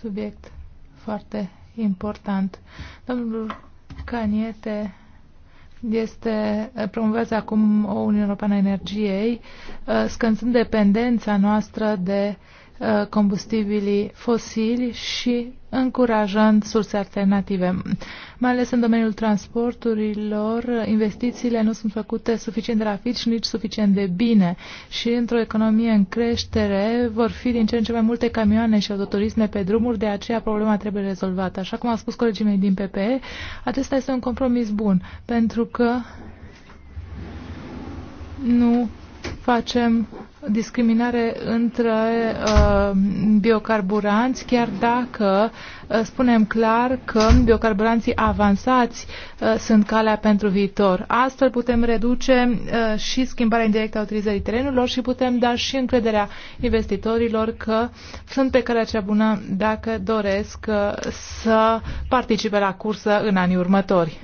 subiect foarte important. Domnul Caniete este, promovează acum o Uniune Europeană a Energiei, uh, scăzând dependența noastră de uh, Uh, combustibilii fosili și încurajând surse alternative. Mai ales în domeniul transporturilor, investițiile nu sunt făcute suficient de rapid și nici suficient de bine și într-o economie în creștere vor fi din ce în ce mai multe camioane și autoturisme pe drumuri, de aceea problema trebuie rezolvată. Așa cum au spus colegii mei din PPE, acesta este un compromis bun, pentru că nu facem discriminare între uh, biocarburanți, chiar dacă uh, spunem clar că biocarburanții avansați uh, sunt calea pentru viitor. Astfel putem reduce uh, și schimbarea indirectă a utilizării terenurilor și putem da și încrederea investitorilor că sunt pe calea cea bună dacă doresc uh, să participe la cursă în anii următori.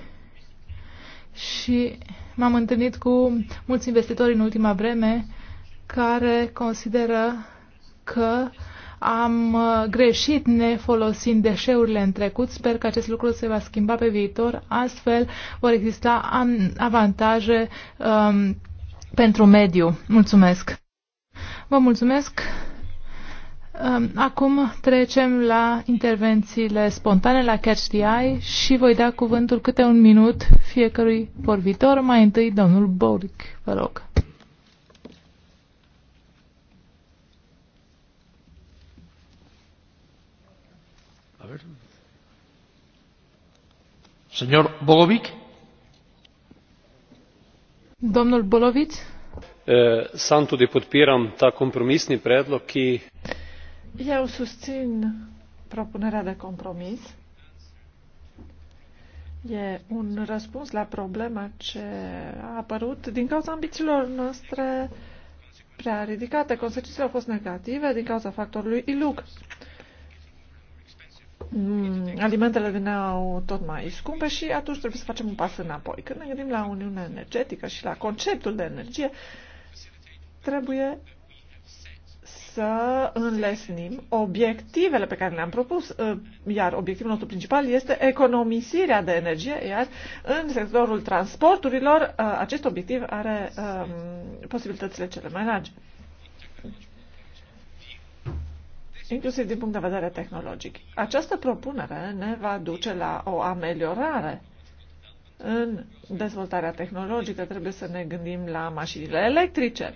Și M-am întâlnit cu mulți investitori în ultima vreme care consideră că am uh, greșit ne folosind deșeurile în trecut. Sper că acest lucru se va schimba pe viitor. Astfel vor exista avantaje um, pentru mediu. Mulțumesc! Vă mulțumesc! Acum trecem la intervențiile spontane, la Catch the Eye și voi da cuvântul câte un minut fiecărui vorbitor. Mai întâi, domnul Boric, vă rog. Señor Bogovic. Domnul Bolovic. Eh, sam tudi podpiram ta kompromisni predlog, ki eu susțin propunerea de compromis. E un răspuns la problema ce a apărut din cauza ambițiilor noastre prea ridicate. Consecințele au fost negative din cauza factorului iluc. Mm, alimentele veneau tot mai scumpe și atunci trebuie să facem un pas înapoi. Când ne gândim la Uniunea Energetică și la conceptul de energie, trebuie să înlesnim obiectivele pe care le-am propus, ă, iar obiectivul nostru principal este economisirea de energie, iar în sectorul transporturilor ă, acest obiectiv are ă, posibilitățile cele mai largi. Inclusiv din punct de vedere tehnologic. Această propunere ne va duce la o ameliorare în dezvoltarea tehnologică trebuie să ne gândim la mașinile electrice.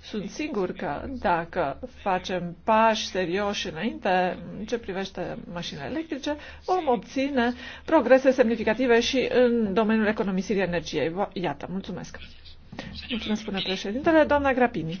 Sunt sigur că dacă facem pași serioși înainte în ce privește mașinile electrice, vom obține progrese semnificative și în domeniul economisirii energiei. Iată, mulțumesc. Mulțumesc, spune președintele. Doamna Grapini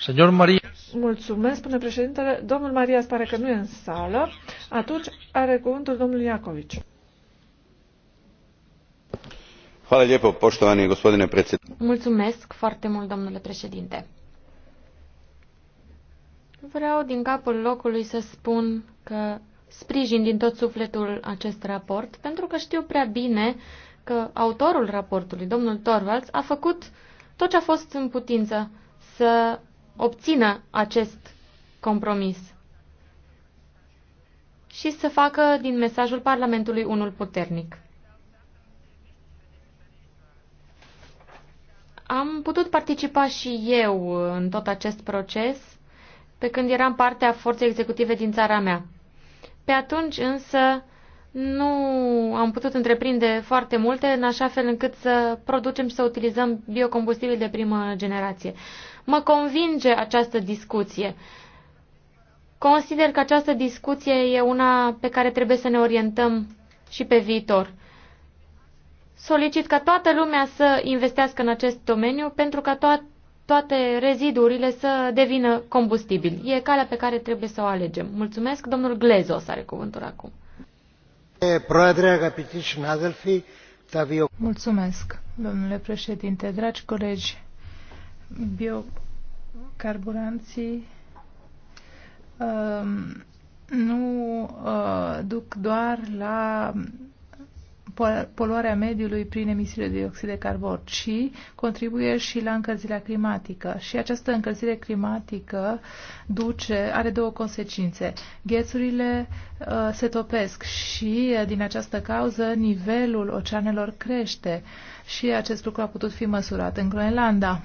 Senor Maria. Mulțumesc, spune președintele. Domnul Maria pare că nu e în sală. Atunci are cuvântul domnul Iacovici. Hvala lijepo, poštovani gospodine predsjedniče. Mulțumesc foarte mult, domnule președinte. Vreau din capul locului să spun că sprijin din tot sufletul acest raport, pentru că știu prea bine că autorul raportului, domnul Torvalds, a făcut tot ce a fost în putință să obțină acest compromis și să facă din mesajul Parlamentului unul puternic. Am putut participa și eu în tot acest proces pe când eram parte a forței executive din țara mea. Pe atunci însă nu am putut întreprinde foarte multe în așa fel încât să producem și să utilizăm biocombustibili de primă generație. Mă convinge această discuție. Consider că această discuție e una pe care trebuie să ne orientăm și pe viitor. Solicit ca toată lumea să investească în acest domeniu pentru ca to toate rezidurile să devină combustibil. E calea pe care trebuie să o alegem. Mulțumesc. Domnul Glezos are cuvântul acum. Mulțumesc, domnule președinte, dragi colegi. Biocarburanții um, nu uh, duc doar la poluarea mediului prin emisiile de dioxid de carbon, ci contribuie și la încălzirea climatică. Și această încălzire climatică duce, are două consecințe. Ghețurile uh, se topesc și uh, din această cauză nivelul oceanelor crește și acest lucru a putut fi măsurat în Groenlanda.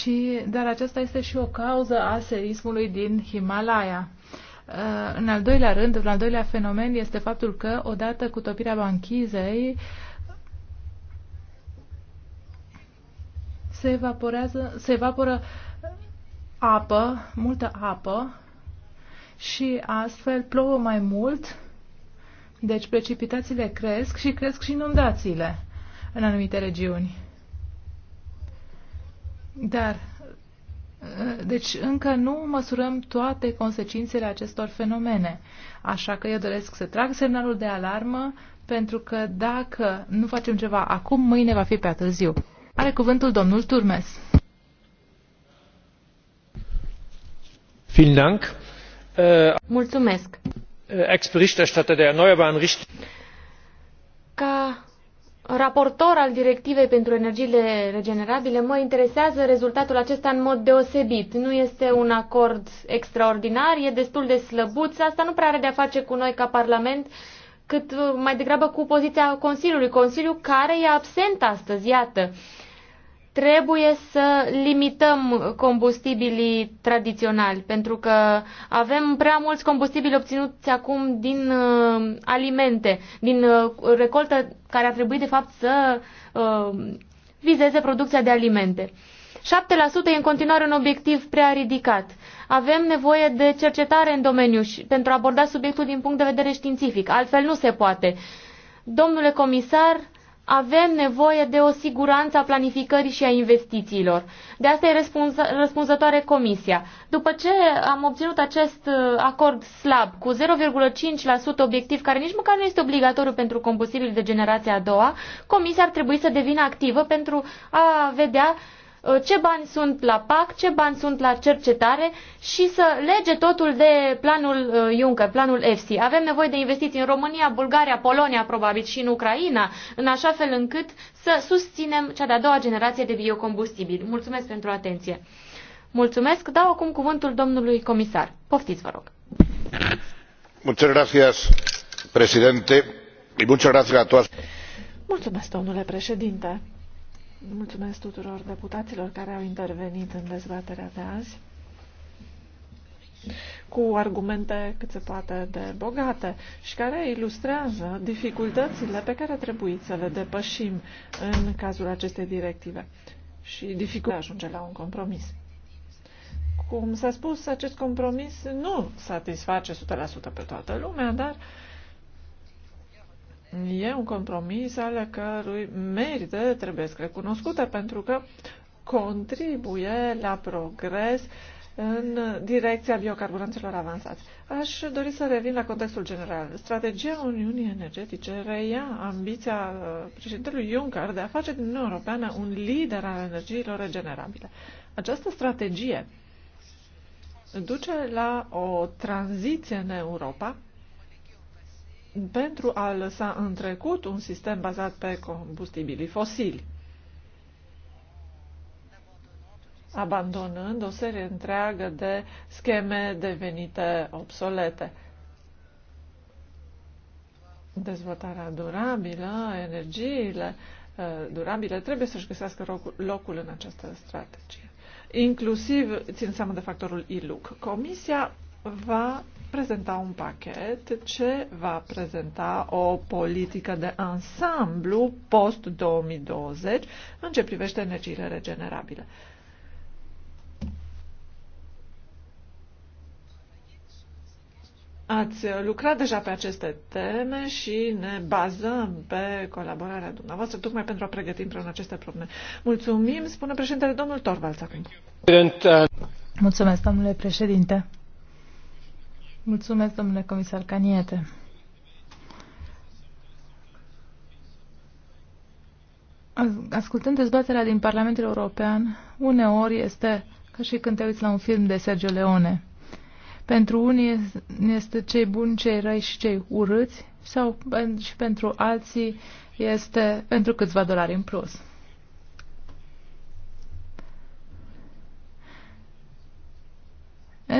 Și, dar aceasta este și o cauză a serismului din Himalaya. În al doilea rând, în al doilea fenomen este faptul că, odată cu topirea banchizei, se evaporează, se evaporă apă, multă apă și astfel plouă mai mult, deci precipitațiile cresc și cresc și inundațiile în anumite regiuni. Dar deci încă nu măsurăm toate consecințele acestor fenomene. Așa că eu doresc să trag semnalul de alarmă, pentru că dacă nu facem ceva acum, mâine va fi pe târziu. Are cuvântul domnul Turmes. Äh, Mulțumesc. Äh, Ex-Berichterstatter der Erneuerbaren Richtlinie. Ca raportor al directivei pentru energiile regenerabile, mă interesează rezultatul acesta în mod deosebit. Nu este un acord extraordinar, e destul de slăbuț, asta nu prea are de-a face cu noi ca Parlament, cât mai degrabă cu poziția Consiliului. Consiliu care e absent astăzi, iată. Uh, trebuie să limităm combustibilii tradiționali, pentru că avem prea mulți combustibili obținuți acum din uh, alimente, din uh, recoltă care ar trebui de fapt să uh, vizeze producția de alimente. 7% e în continuare un obiectiv prea ridicat. Avem nevoie de cercetare în domeniu și pentru a aborda subiectul din punct de vedere științific. Altfel nu se poate. Domnule comisar, avem nevoie de o siguranță a planificării și a investițiilor. De asta e răspunză, răspunzătoare Comisia. După ce am obținut acest uh, acord slab cu 0,5% obiectiv, care nici măcar nu este obligatoriu pentru combustibili de generație a doua, Comisia ar trebui să devină activă pentru a vedea Uh, ce bani sunt la PAC, ce bani sunt la cercetare și să lege totul de planul uh, Juncker, planul EFSI. Avem nevoie de investiții în România, Bulgaria, Polonia, probabil și în Ucraina, în așa fel încât să susținem cea de-a doua generație de biocombustibili. Mulțumesc pentru atenție. Mulțumesc. Dau acum cuvântul domnului comisar. Poftiți, vă rog. Mulțumesc, președinte. Mulțumesc, domnule președinte Mulțumesc tuturor deputaților care au intervenit în dezbaterea de azi cu argumente cât se poate de bogate și care ilustrează dificultățile pe care trebuie să le depășim în cazul acestei directive și dificil ajunge la un compromis. Cum s-a spus, acest compromis nu satisface 100% pe toată lumea, dar uh, E un compromis ale cărui merite trebuie recunoscute pentru că contribuie la progres în direcția biocarburanților avansați. Aș dori să revin la contextul general. Strategia Uniunii Energetice reia ambiția uh, președintelui Juncker de a face din Uniunea Europeană un lider al energiilor regenerabile. Această strategie duce la o tranziție în Europa pentru a lăsa în trecut un sistem bazat pe combustibilii fosili, abandonând o serie întreagă de scheme devenite obsolete. Dezvoltarea durabilă, energiile uh, durabile trebuie să-și găsească locul în această strategie inclusiv țin seama de factorul ILUC. Comisia va prezenta un pachet ce va prezenta o politică de ansamblu post-2020 în ce privește energiile regenerabile. Ați lucrat deja pe aceste teme și ne bazăm pe colaborarea dumneavoastră tocmai pentru a pregăti împreună aceste probleme. Mulțumim, spune președintele domnul Torvalds acum. Mulțumesc, domnule președinte. Mulțumesc, domnule comisar Caniete. Ascultând dezbaterea din Parlamentul European, uneori este ca și când te uiți la un film de Sergio Leone. Pentru unii este cei buni, cei răi și cei urâți, sau și pentru alții este pentru câțiva dolari în plus.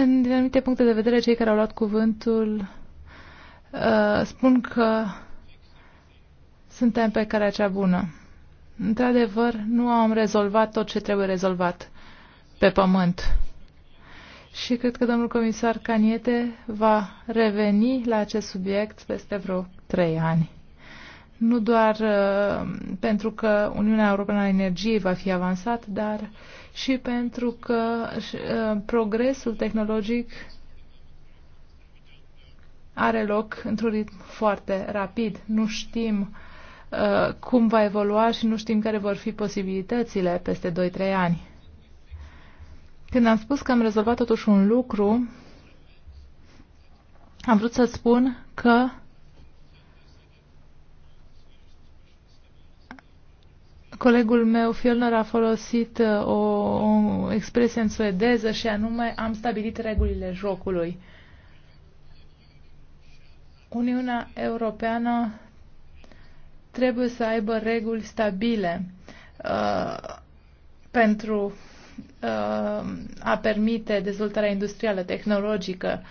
În din anumite puncte de vedere, cei care au luat cuvântul uh, spun că suntem pe calea cea bună. Într-adevăr, nu am rezolvat tot ce trebuie rezolvat pe pământ. Și cred că domnul comisar Caniete va reveni la acest subiect peste vreo trei ani nu doar uh, pentru că Uniunea Europeană a Energiei va fi avansat, dar și pentru că uh, progresul tehnologic are loc într-un ritm foarte rapid. Nu știm uh, cum va evolua și nu știm care vor fi posibilitățile peste 2-3 ani. Când am spus că am rezolvat totuși un lucru, am vrut să spun că Colegul meu, Fielner, a folosit uh, o, o expresie în suedeză și anume am stabilit regulile jocului. Uniunea Europeană trebuie să aibă reguli stabile uh, pentru uh, a permite dezvoltarea industrială, tehnologică.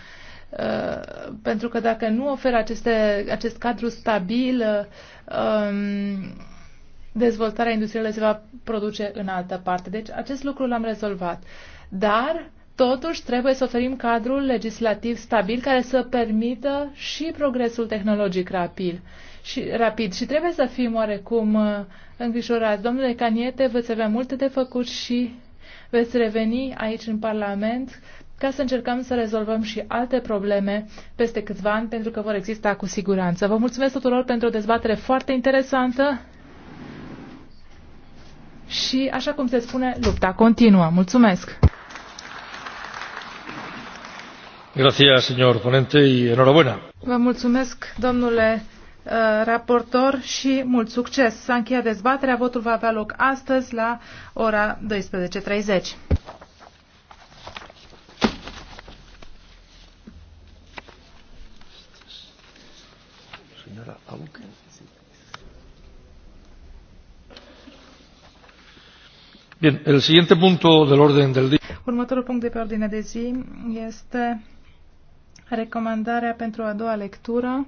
Uh, pentru că dacă nu oferă aceste, acest cadru stabil, uh, um, dezvoltarea industrială se va produce în altă parte. Deci acest lucru l-am rezolvat. Dar Totuși, trebuie să oferim cadrul legislativ stabil care să permită și progresul tehnologic rapid. Și, rapid. și trebuie să fim oarecum uh, îngrijorați. Domnule Caniete, veți avea multe de făcut și veți reveni aici în Parlament ca să încercăm să rezolvăm și alte probleme peste câțiva ani, pentru că vor exista cu siguranță. Vă mulțumesc tuturor pentru o dezbatere foarte interesantă și, așa cum se spune, lupta continuă. Mulțumesc! Gracias, señor ponente, y enhorabuena. Vă mulțumesc, domnule uh, raportor și mult succes. S-a încheiat dezbaterea, votul va avea loc astăzi la ora 12.30. Señora Auken. Bien, el siguiente punto del orden del día. Următorul punct de pe ordine de zi este recomandarea pentru a doua lectură